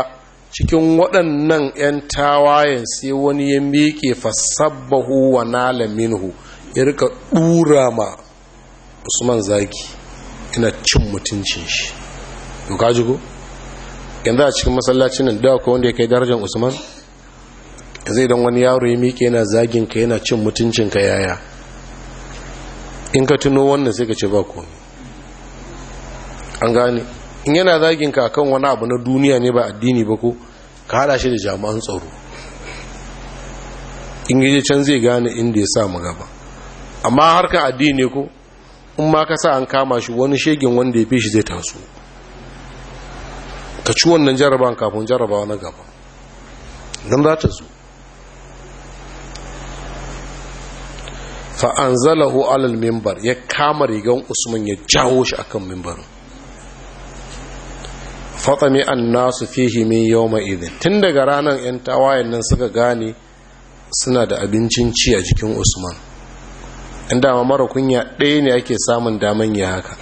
cikin waɗannan 'yan tawayen sai wani ya miƙe fasabbahu wa nala minhu ya rika ɗura ma usman zaki ina cin mutuncin shi duka jigo yanzu a cikin masallacin nan da ko wanda ya kai darajar usman zai don wani yaro ya miƙe yana zaginka yana cin mutuncinka yaya in ka tuno wannan sai ka ce ba komi an gane in yana zagin ka kan wani abu na duniya ne ba addini ba ko ka hada shi da jami'an tsaro in yi can zai gane inda ya sa mu gaba amma harkar addini ko in ma ka sa an kama shi wani shegin wanda ya fi shi zai taso ka ci wannan jaraba kafin jaraba na gaba don za ta zo fa alal mimbar ya kama rigan usman ya jawo shi akan mimbar. fatami an nasu fihi min yawma idin tun daga ranar yan tawayen nan suka gane suna da abincin ci a jikin usman inda ma mara kunya ɗaya ne ake samun daman ya haka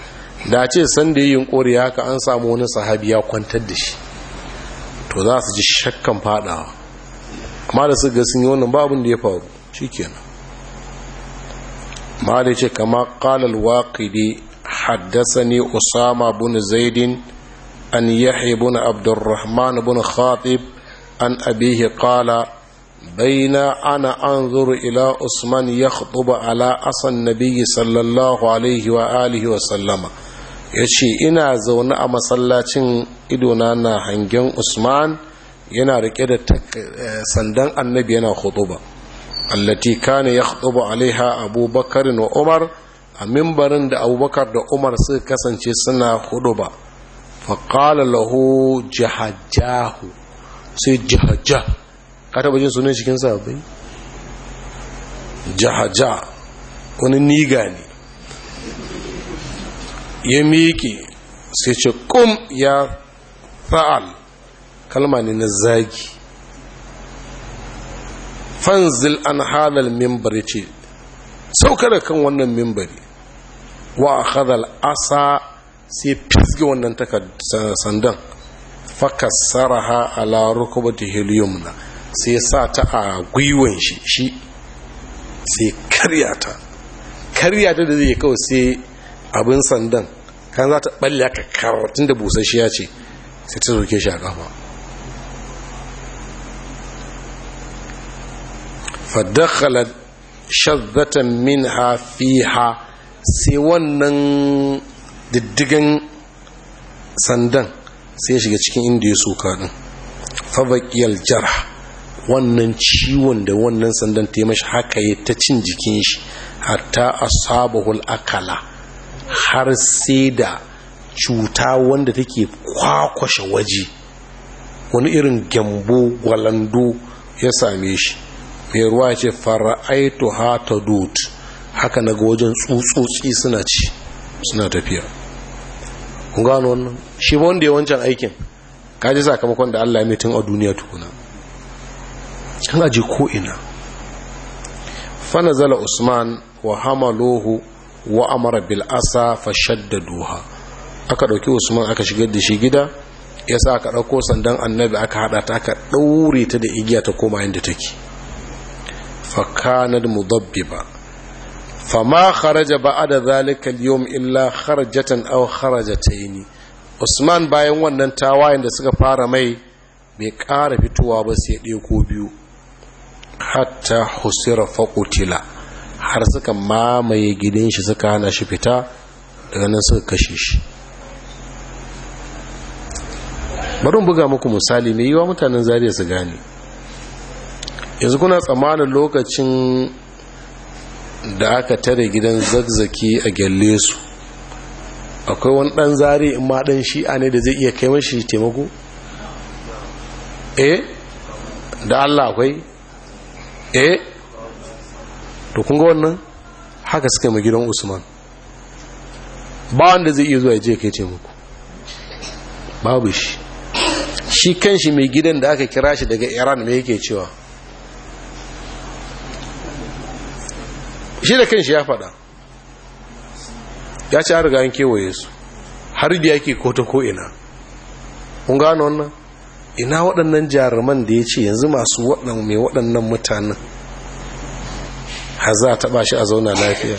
da ce san da yi yunkuri haka an samu wani sahabi ya kwantar da shi to za su ji shakkan fadawa amma da su ga sun yi wannan babin da ya faru shikenan ma da ce kama kalal waƙidi haddasani usama bin zaidin an yahi bin abdurrahman bin khatib an abihi qala بين أنا أنظر إلى عثمان asan على أصل النبي صلى الله عليه وآله وسلم yace ina zaune a masallacin idona na hangen usman yana rike da eh, sandan annabi yana khutuba allati kana yakhutubu alaiha abubakar wa umar a mimbarin da abubakar da umar suka kasance suna huduba faƙala lahu jahajahu sai jahaja ka taɓa jin sunan cikin sabai jahaja wani niga ne ya miƙe sai ce ƙum ya fa'al kalma ne na zagi fanzil an halal mimbar ce sauka da kan wannan mimbari wa a hadal asa sai fisge wannan sandan fakassara ha kuma ta helium na sai sa ta a gwiwon shi shi sai karya ta karya ta da zai kawai sai abin sandan kan za ta balle aka karatun da busasshiya ce sai ta zoke shi a kafa fadakhalat shazzatan minha fiha sai wannan diddigan sandan sai shiga cikin inda ya soka din fabaqiyal jarh wannan ciwon da wannan sandan ta mashi haka ya ta cin jikin shi hatta asabahul akala har sai da cuta wanda take kwakwashe waje wani irin gyambo gwalando ya same shi ruwa ya ce fara'aitu ha ta dut haka na ga wajen tsutsotsi suna ci suna tafiya kun gano wannan shi ba wanda ya wancan aikin kaji sakamakon da allah mai tun a duniya tukuna an aji ko'ina fana zala usman wa lohu wa amara bil'asa fashadda duha aka dauki usman aka shigar da shi gida ya sa aka dauko sandan annabi aka haɗa ta aka ɗaure ta da igiya ta koma yadda take fakanar mudabbiba fama kharaja ba'ada da al-yawm illa kharajatan aw kharajataini Usman bayan wannan tawayen da suka fara mai mai ƙara fitowa ba sai ɗaya ko biyu hatta husira faƙutila har suka mamaye gidan shi suka hana shi fita daga nan suka kashe shi bari buga muku misali mai yiwa mutanen zariya su gane yanzu kuna tsammanin lokacin da aka tare gidan zagzaki a gyalle su akwai wani dan zari in ma dan shi'a ne da zai iya kai mashi taimako? eh da Allah akwai eh to kun ga wannan haka suka mai gidan usman ba wanda zai iya zuwa ya je kai taimako babu shi shi kanshi mai gidan da aka kira shi daga iran mai yake cewa shi da kanshi ya faɗa ya ci an riga an kewaye su da yake ko ta ko ina kun gano wannan ina waɗannan jaruman da ya ce yanzu masu waɗannan mai waɗannan mutanen haza taɓa shi a zauna lafiya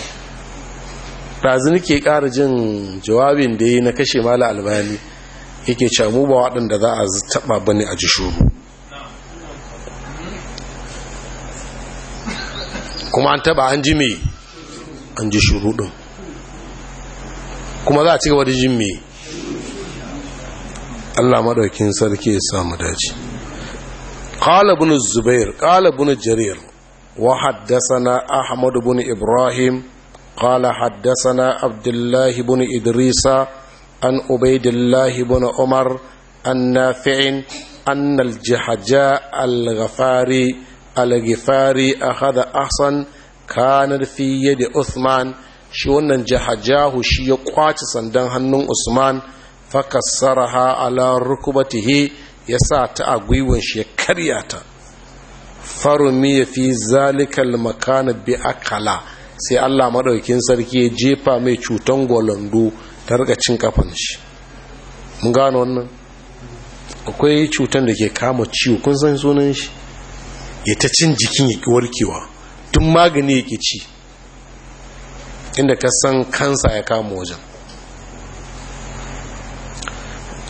ɗazu nake ƙara jin jawabin da ya yi na kashe mala albani yake camu ba waɗanda za a taɓa bane a ji shuru kuma an taba an ji me an ji shuruɗin kuma za a cigaba da ji me Allah maɗaukin sarki ya samu dace qala ibn zubair qala ibn jarir wa haddathana ahmad ibn ibrahim qala haddathana Abdullahi ibn idrisa an Ubaidullahi ibn umar an nafi'in an al al-ghafari al-ghifari akhadha ahsan kanar fiye da Usman, shi wannan jahajahu shi ya kwace sandan hannun Usman ha ala rukubatihi ya sa ta a gwiwon shi ya karya ta farumi fi zalikal makana bi akala sai Allah maɗaukin sarki ya jefa mai cutan gwalando ta rika cin kafan shi mun gano wannan akwai cutan da ke kama ciwo kun san sunan shi ya cin jikin ya warkewa tun magani ya ke ci inda ka san kansa ya kama wajen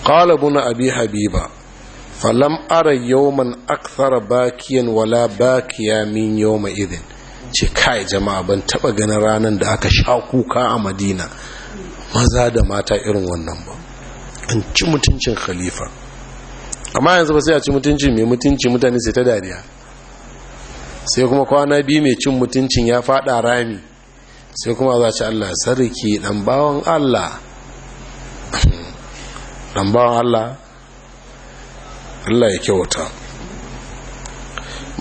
qala na abi habiba falam ara yawman akthara bakiyan wala bakiya min yawma idin ce kai jama'a ban taba ganin ranar da aka sha kuka a madina maza da mata irin wannan ba an ci mutuncin khalifa amma yanzu ba sai a ci mutunci mai mutunci mutane sai ta dariya sai kuma kwana biyu mai cin mutuncin ya fada rami sai kuma za ci Allah sarki dan Allah dan Allah Allah ya kyauta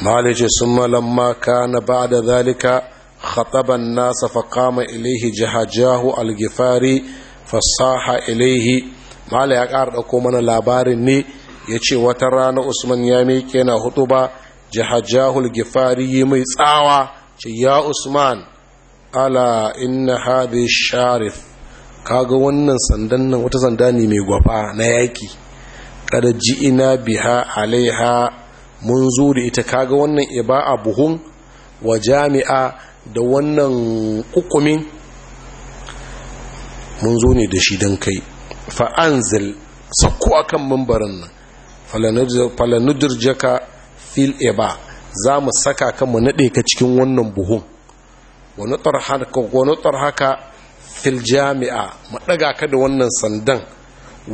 malice sun maka na ba da zalika khataban nasa faƙama ilaihi jahajahu algifari fasaha ilaihi malaya ya ƙara ɗauko mana labarin ne ya ce wata rana usman ya meke na hudu ba jahajahul gifari mai tsawa ce ya usman ala inna hadhi sharif kaga wannan sandan nan wata sanda ne mai gwafa na yaki kada ji'ina biha alaiha mun zo da ita kaga wannan a buhun wa jami'a da wannan kukumin mun zo ne da shi don kai fa'anzil sakko akan mambarin nan falanudur jaka fil eba za mu saka ka mu naɗe ka cikin wannan buhun wani haka fil jami'a mu daga ka da wannan sandan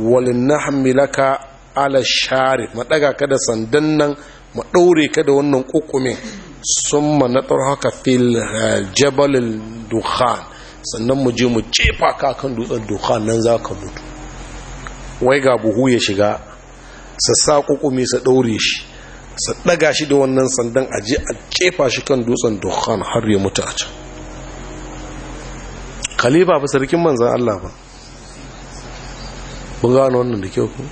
walin na hamilaka ala shari mu daga ka da sandan nan mu daure ka da wannan ƙuƙumin sun ma na haka fil eh, jabalin dukhan sannan mu je mu cefa ka kan dutsen dukhan nan za ka mutu wai ga buhu ya shiga sassa ƙuƙumi sa ɗaure shi su ɗaga shi da wannan sandan a je a kefa shi kan dutsen dukkan har ya mutu a can khalifa ba sarkin manzan Allah ba mun gano wannan da kyau ku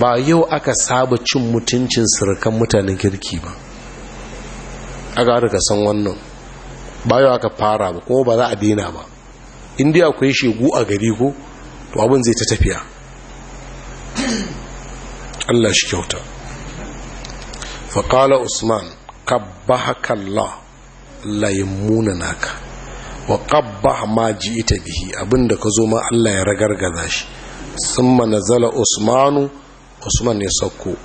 ba yau aka saba cin mutuncin sirkan mutanen kirki ba aka harka san wannan ba yau aka fara ba kuma ba za a daina ba indiya akwai shegu a gari ko to abin zai ta tafiya Allah shi kyauta faƙala usman kabbahaka Allah laimuna naka wa qabbaha ma ita bihi abinda ka zo ma Allah ya ragargaza shi summa nazala usmanu usman ya sauko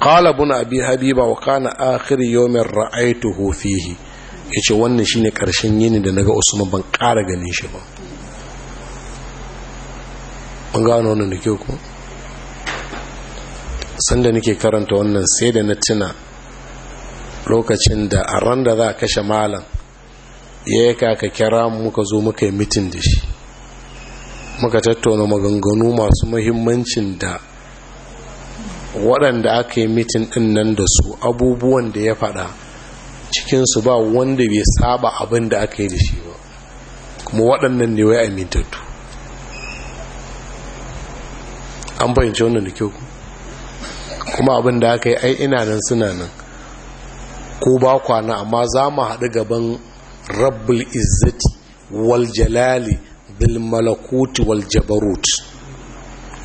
qala ibn abi habiba wa kana akhir yawmin ra'aytuhu fihi yace wannan shine ƙarshen yini da naga usman ban ƙara ganin shi ba mun gano wannan da kyau ko sanda nake karanta wannan sai da na tuna lokacin da a ran da za a kashe malam ya yi kaka kira muka zo muka yi mitin da shi muka tattauna maganganu masu mahimmancin da waɗanda aka yi mitin ɗin nan da su abubuwan da ya faɗa cikinsu ba wanda bai saba abin da aka yi da shi ba kuma waɗannan ne wai amintattu an bayyance wannan da kyau kuma abin da aka yi ai ina nan suna nan ko ba kwana amma za mu haɗu gaban rabbul izzati wal jalali bil malakuti wal jabarut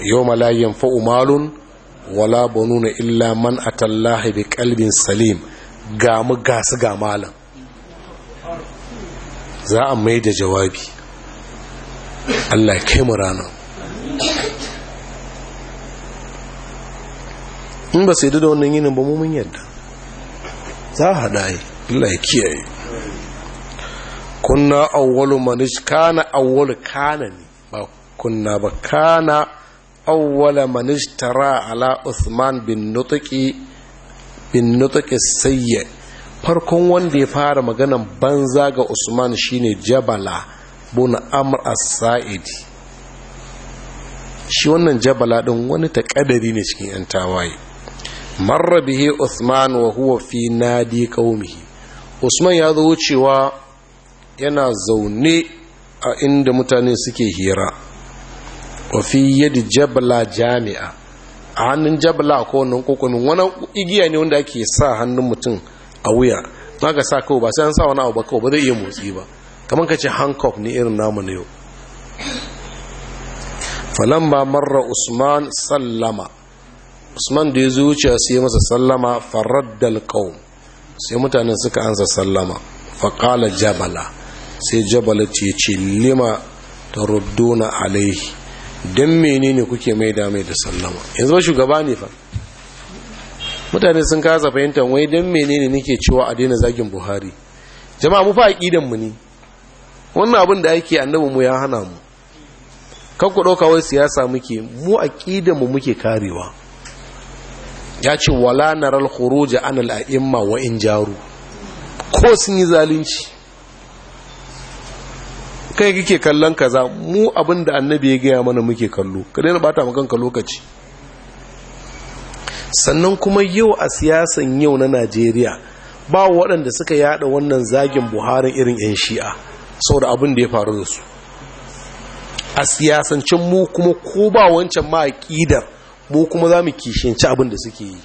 yau malayin malun?' wala nuna illa man atallahi bi kalbin salim ga mu gasu ga malam za a mai da jawabi Allah kai mu rana.' in ba sai da wannan yinin ba mun yadda za a haɗa yi Allah ya kiyaye kunna awwalu manish kana awwalu kana ne ba kunna ba kana awwala manish tara ala Usman bin Nutqi bin Nutqi sayyi farkon wanda ya fara maganan banza ga Usman shine Jabala bun Amr as-Sa'idi shi wannan Jabala din wani takadari ne cikin yan tawaye marra bihi Uthman wa huwa fi nadi qaumihi Usman ya zo wucewa yana zaune a inda mutane suke hira wa fi yadi jabla jami'a a hannun jabla ko wannan kokonin wani igiya ne wanda ake sa hannun mutum a wuya ga sa kawai ba sai an sa wani abu ba kawai ba zai iya motsi ba kamar ka ce hancock ne irin namu na yau Falamba marra usman sallama usman da ya zo wuce sai masa sallama faraddal qaum sai mutanen suka ansa sallama faƙala jabala sai jabala ce ce lima ta na alaihi don menene kuke mai da da sallama yanzu ba shugaba ne fa mutane sun kasa fahimta wai don menene nake cewa a daina zagin buhari jama'a mu fa aqidan mu ne wannan abin da ake annabi mu ya hana mu kan ku ɗauka wai siyasa muke mu aqidan mu muke karewa ya ce wala naral khuruja an al'imma wa in jaru ko sun yi zalunci kai kike kallon kaza mu abinda annabi ya gaya mana muke kallo ka daina bata mu kanka lokaci sannan kuma yau a siyasan yau na Najeriya ba waɗanda suka yada wannan zagin Buhari irin yan Shi'a saboda abin da ya faru da su a siyasancin mu kuma ko ba wancan ma aqidar mu kuma za mu kishinci abin da suke yi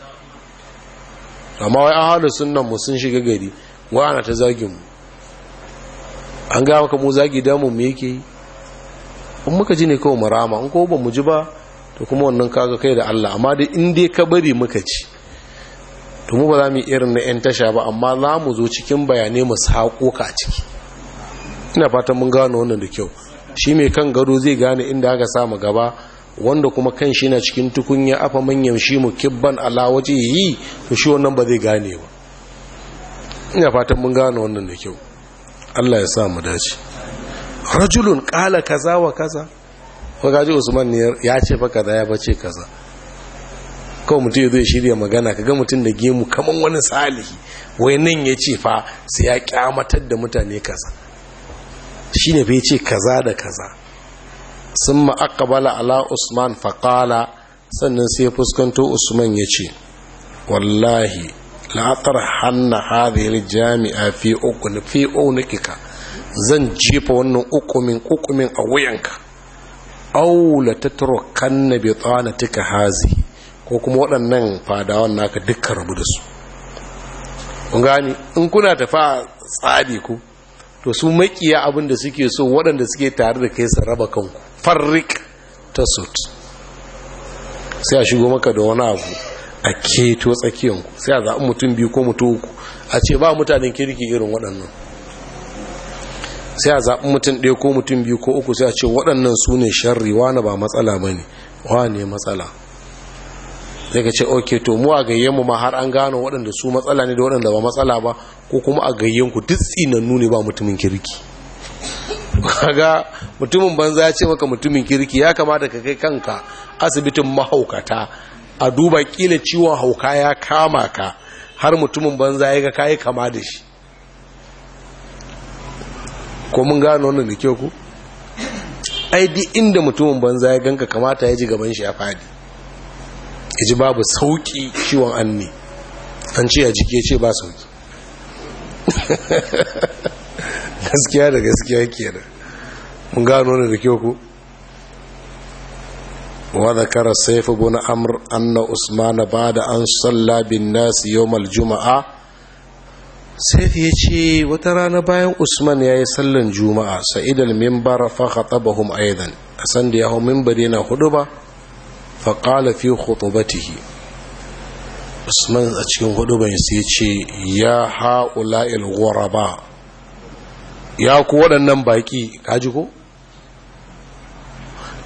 amma wai ahalar sunan mu sun shiga gari wa'ana ta zagin mu an ga maka mu zagi damun mu yake yi in muka ji ne kawai marama in ko ba mu ji ba to kuma wannan kaga kai da Allah amma da in dai ka bari muka ci to mu ba za mu irin na yan tasha ba amma za mu zo cikin bayanai masu sako ka ciki ina fatan mun gano wannan da kyau shi mai kan gado zai gane inda aka samu gaba wanda kuma kan shi na cikin tukunya afa manyan shi mu kibban ala waje yi to shi wannan ba zai gane ba ina fatan mun gane wannan da kyau Allah ya sa mu dace rajulun qala kaza wa kaza ko gaji Usman ne ya ce fa kaza ya bace kaza kawai mutum zai shirya magana kaga mutum da gemu kaman wani salihi wai nan ya ce fa sai ya kyamatar da mutane kaza shine fa ce kaza da kaza sun ma'akabala ala usman faƙala sannan sai fuskanto usman ya ce wallahi la'atar hannu hadhihi jami'a fi na fi ka zan jefa wannan ukumin ukumin a wuyanka aw la bai tsawana tuka hazi ko kuma waɗannan fadawan naka duka rabu da su gani in kuna tafa tsabi ku to su maƙiya abin da suke so waɗanda suke tare da kai su raba kanku farrik ta sut sai a shigo maka da wani abu a keto tsakiyanku sai a za'a mutum biyu ko mutu uku a ce ba mutanen kirki irin waɗannan sai a za'a mutum ɗaya ko mutum biyu ko uku sai a ce waɗannan su ne sharri wani ba matsala ba ne wani matsala sai ka ce ok to mu a gayyenmu ma har an gano waɗanda su matsala ne da waɗanda ba matsala ba ko kuma a gayenku duk tsinannu ne ba mutumin kirki kaga mutumin banza ya ce maka mutumin kirki ya kamata ka kai kanka asibitin mahaukata a duba kila ciwon hauka ya kama ka har mutumin banza ya ga kayi kama da shi ko mun gano wannan da kyau ku ai inda mutumin banza ya ganka kamata ya ji gaban shi ya fadi ya ji babu sauki ciwon anni an ce a jiki ce ba sauki gaskiya da gaskiya kenan mun gano ne da kyau ku wa zakara saif ibn amr anna usman ba'da an salla bin nas yawm al-jum'a saif yace wata rana bayan usman yayi sallar juma'a sa'id al-minbar fa khatabahum aidan asan da yawo minbar yana hudu ba fa qala fi khutubatihi usman a cikin hudu bayan sai ya ha ula'il ghuraba ya ku waɗannan baƙi kaji ko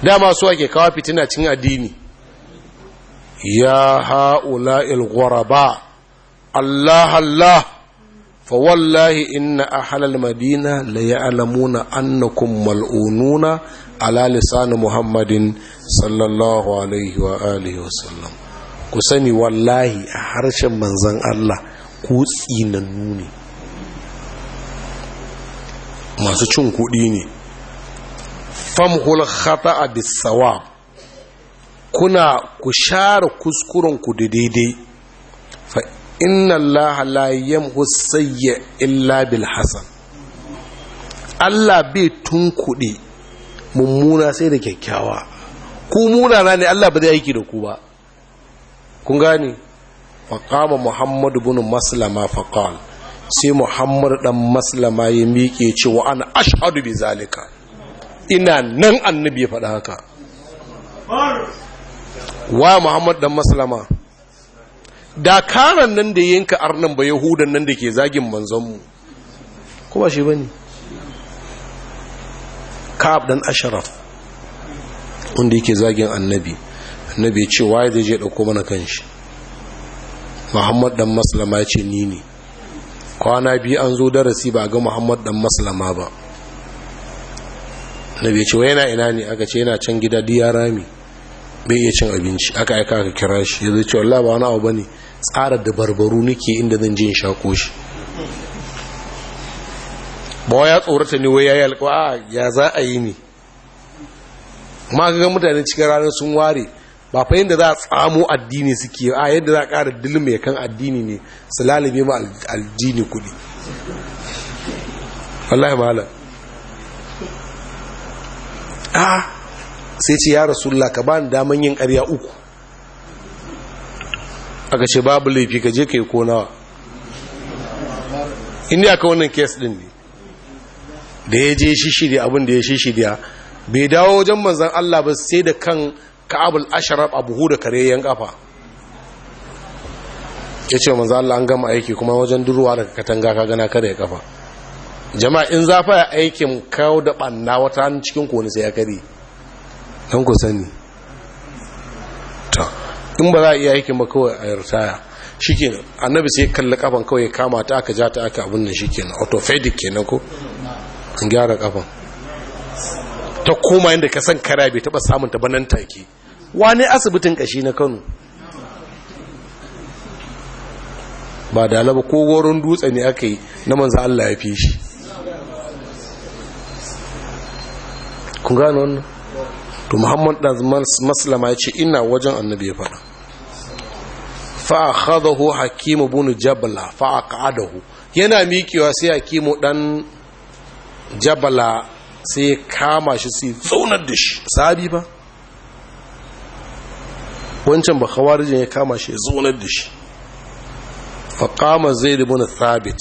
dama su ake kawo fitina cin addini ya ha'ula ba Allah Allah fa wallahi inna halal madina la ya'lamuna annakun mal'ununa ala lisan muhammadin sallallahu alaihi wa alihi wa sallam ku sani wallahi a harshen manzan Allah ku tsinannu ne masu cin kuɗi ne famhul khata'a bisawa kuna ku share kuskuren ku da daidai fa inna Allah la yamhu sayya illa bil hasan Allah bai kudi mummuna sai da kyakkyawa ku muna na ne Allah ba zai aiki da ku ba kun gane faqama muhammadu bin maslama faqala sai muhammad dan maslama ya miƙe wa ana ashadu bi zalika ina nan annabi ya faɗa haka wa muhammad dan maslama da karan nan da yanka arnan ba yahudan nan da ke zagin manzonmu kuma shi ne ka'ab dan ashraf wanda yake zagin annabi annabi ya ce waye zai je dauko mana kanshi muhammad dan maslama ya ce ni ne kwana biyu an zo darasi ba ga muhammad dan maslama ba na bai ce yana ina ne aka ce yana can gida diya rami bai iya cin abinci aka aika aka kira shi ya zai ce wallah ba wani abu bane tsara da barbaru nake inda zan je in shako shi ba ya tsorata ne wai ya yi alƙawa ya za a yi ne ma ga mutane cikin ranar sun ware ba fa yadda za a tsamo addini suke a yadda za a ƙara dilme kan addini ne su lalabe ma aljini kuɗi wallahi malam a sai ce ya rasulullah ka ba daman yin karya uku aka ce babu laifi ka je ka yi konawa inda aka wannan kes din ne da ya je shishirya abin da ya shishirya bai dawo wajen manzan Allah ba sai da kan ka'abul ashraf a buhu da kareyen kafa ya ce manzo Allah an gama aiki kuma wajen durwa daga katanga ka gana kare kafa jama'a in za fa aikin kawo da banna wata hannun cikin ku wani sai ya kare don ku sani ta in ba za a iya aikin ba kawai a yartaya shikenan annabi sai kalli kafan kawai kama ta aka ja ta aka abin nan shikenan orthopedic kenan ko an gyara kafan ta koma yadda ka san kara bai taba samun ta banan take wani asibitin kashi na kano ba da alaba ko goron dutse ne aka yi na manza Allah ya fi shi kun gano wannan to muhammad da maslama ya ce ina wajen annabi ya Fa'a fa'akhadahu hakimu bunu jabala fa'aqadahu yana miƙewa sai hakimu ɗan jabala sai ya kama shi sai zaunar da shi sabi ba wancan ba khawarijin ya kama shi zonar da shi faƙama zai da muna sabit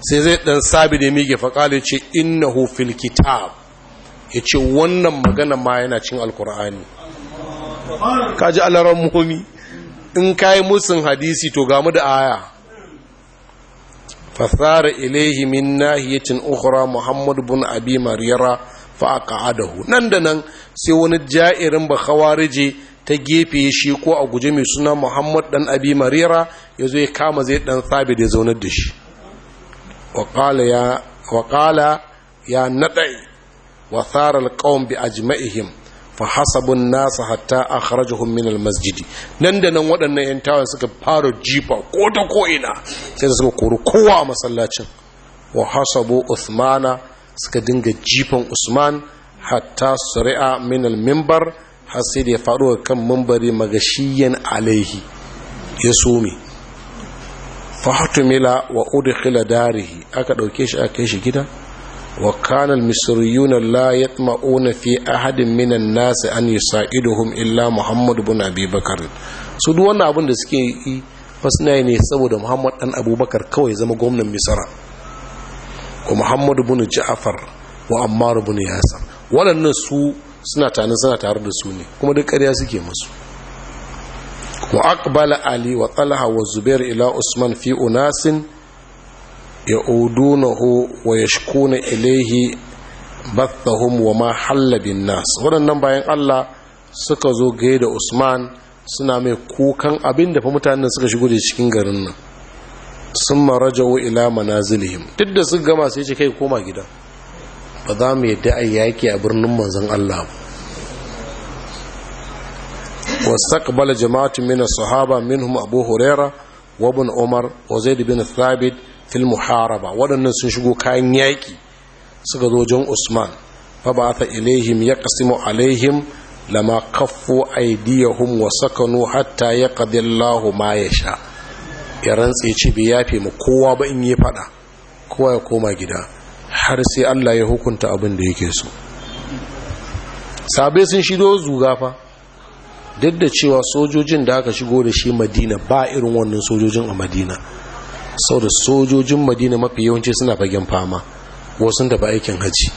sai zai ɗan sabit ya mige faƙali yace, innahu fil kitab ya ce wannan magana ma yana cin alkur'ani ka ji alaran muhimmi in ka musun hadisi to gamu da aya fasara ilaihi min nahiyatin ukhra muhammad bin abi mariyara fa aqadahu nan da nan sai wani ja'irin ba khawarije ta gefe shi ko a guje mai suna muhammad dan abi marira ya zo ya kama zai dan sabi da zaunar da shi waƙala ya naɗai wa tsarar ƙawon bi ajma'ihim fa hasabun nasa hatta a kharajahun minal masjidi nan da nan waɗannan 'yan tawon suka fara jifa ko ta ko'ina sai da suka kori kowa a masallacin wa hasabu usmana suka dinga jifan usman hatta suri'a minal mimbar har sai da ya kan mambari magashiyan alaihi ya sumi fahatumila wa udkhila darihi aka ɗauke shi a aka shi gida wa kana al la yatma'una fi ahadin minan nasi an yusaiduhum illa muhammad ibn abubakar. su duk wannan abin da suke yi fasna ne saboda muhammad dan abubakar kawai zama gwamnan misra ko muhammad ibn ja'far wa ammar ibn yasir waɗannan su suna tanin suna tare da su ne kuma duk karya suke masu wa aqbala ali wa talha wa zubair ila usman fi unasin ya'udunahu wa yashkuna ilayhi bathahum wa ma halla bin waɗannan bayan Allah suka zo da usman suna mai kukan abin da fa mutanen suka shigo da cikin garin nan sun maraja'u ila manazilihim duk da su gama sai ce kai koma gida ba za mu yi yaki a birnin manzan Allah wa bala jama'atu mina as-sahaba minhum abu huraira wa ibn umar wa zaid ibn thabit fil muharaba wadannan sun shigo kayan yaƙi suka zo jin usman fa ba'atha ilayhim alaihim alayhim lama kaffu aydiyahum wa sakanu hatta yaqdi Allah ma sha ya rantsi ci bi yafi mu kowa ba in yi fada kowa ya koma gida har sai Allah ya hukunta abin da yake so sabai sun shigo zugafa. duk da cewa sojojin da aka shigo da shi madina ba irin wannan sojojin a madina sau da sojojin madina mafi yawanci suna fagen fama wasu da ba aikin haji.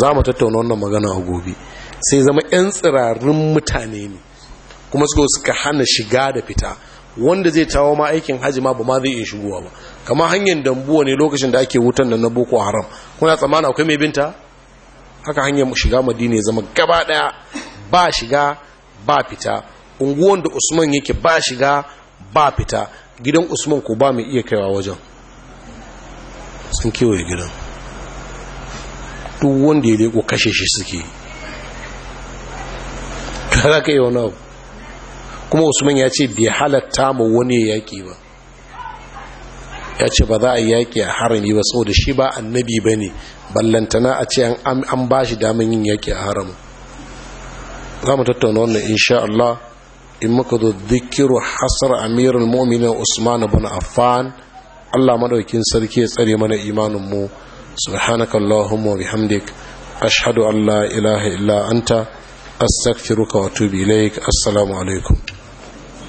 za mu tattauna wannan magana a gobe sai zama 'yan tsirarin mutane ne kuma suka hana shiga da fita wanda zai tawo ma aikin haji ma ba ma zai iya shigowa ba kamar hanyar dambuwa ne lokacin da ake wutan da na boko haram kuna tsammanin akwai mai binta haka hanyar shiga madina ya zama gaba daya ba shiga ba fita unguwan da usman yake ba shiga ba fita gidan usman ko ba mai iya kaiwa wajen sun kewaye gidan duk wanda ya leko kashe shi suke ta ka yi wani abu kuma usman ya ce bai halatta ma wani ya ba ya ce ba za a yaƙi a harami ba saboda shi ba annabi ba ne ballantana a ce an ba shi damar yin yaƙi a haramu za mu tattauna wannan insha Allah in muka zo zikiru hasar amirul mu'minin usman bin affan Allah madaukin sarki ya tsare mana imanin mu subhanaka allahumma bihamdik ashhadu an la ilaha illa anta astaghfiruka wa atubu ilaik assalamu alaikum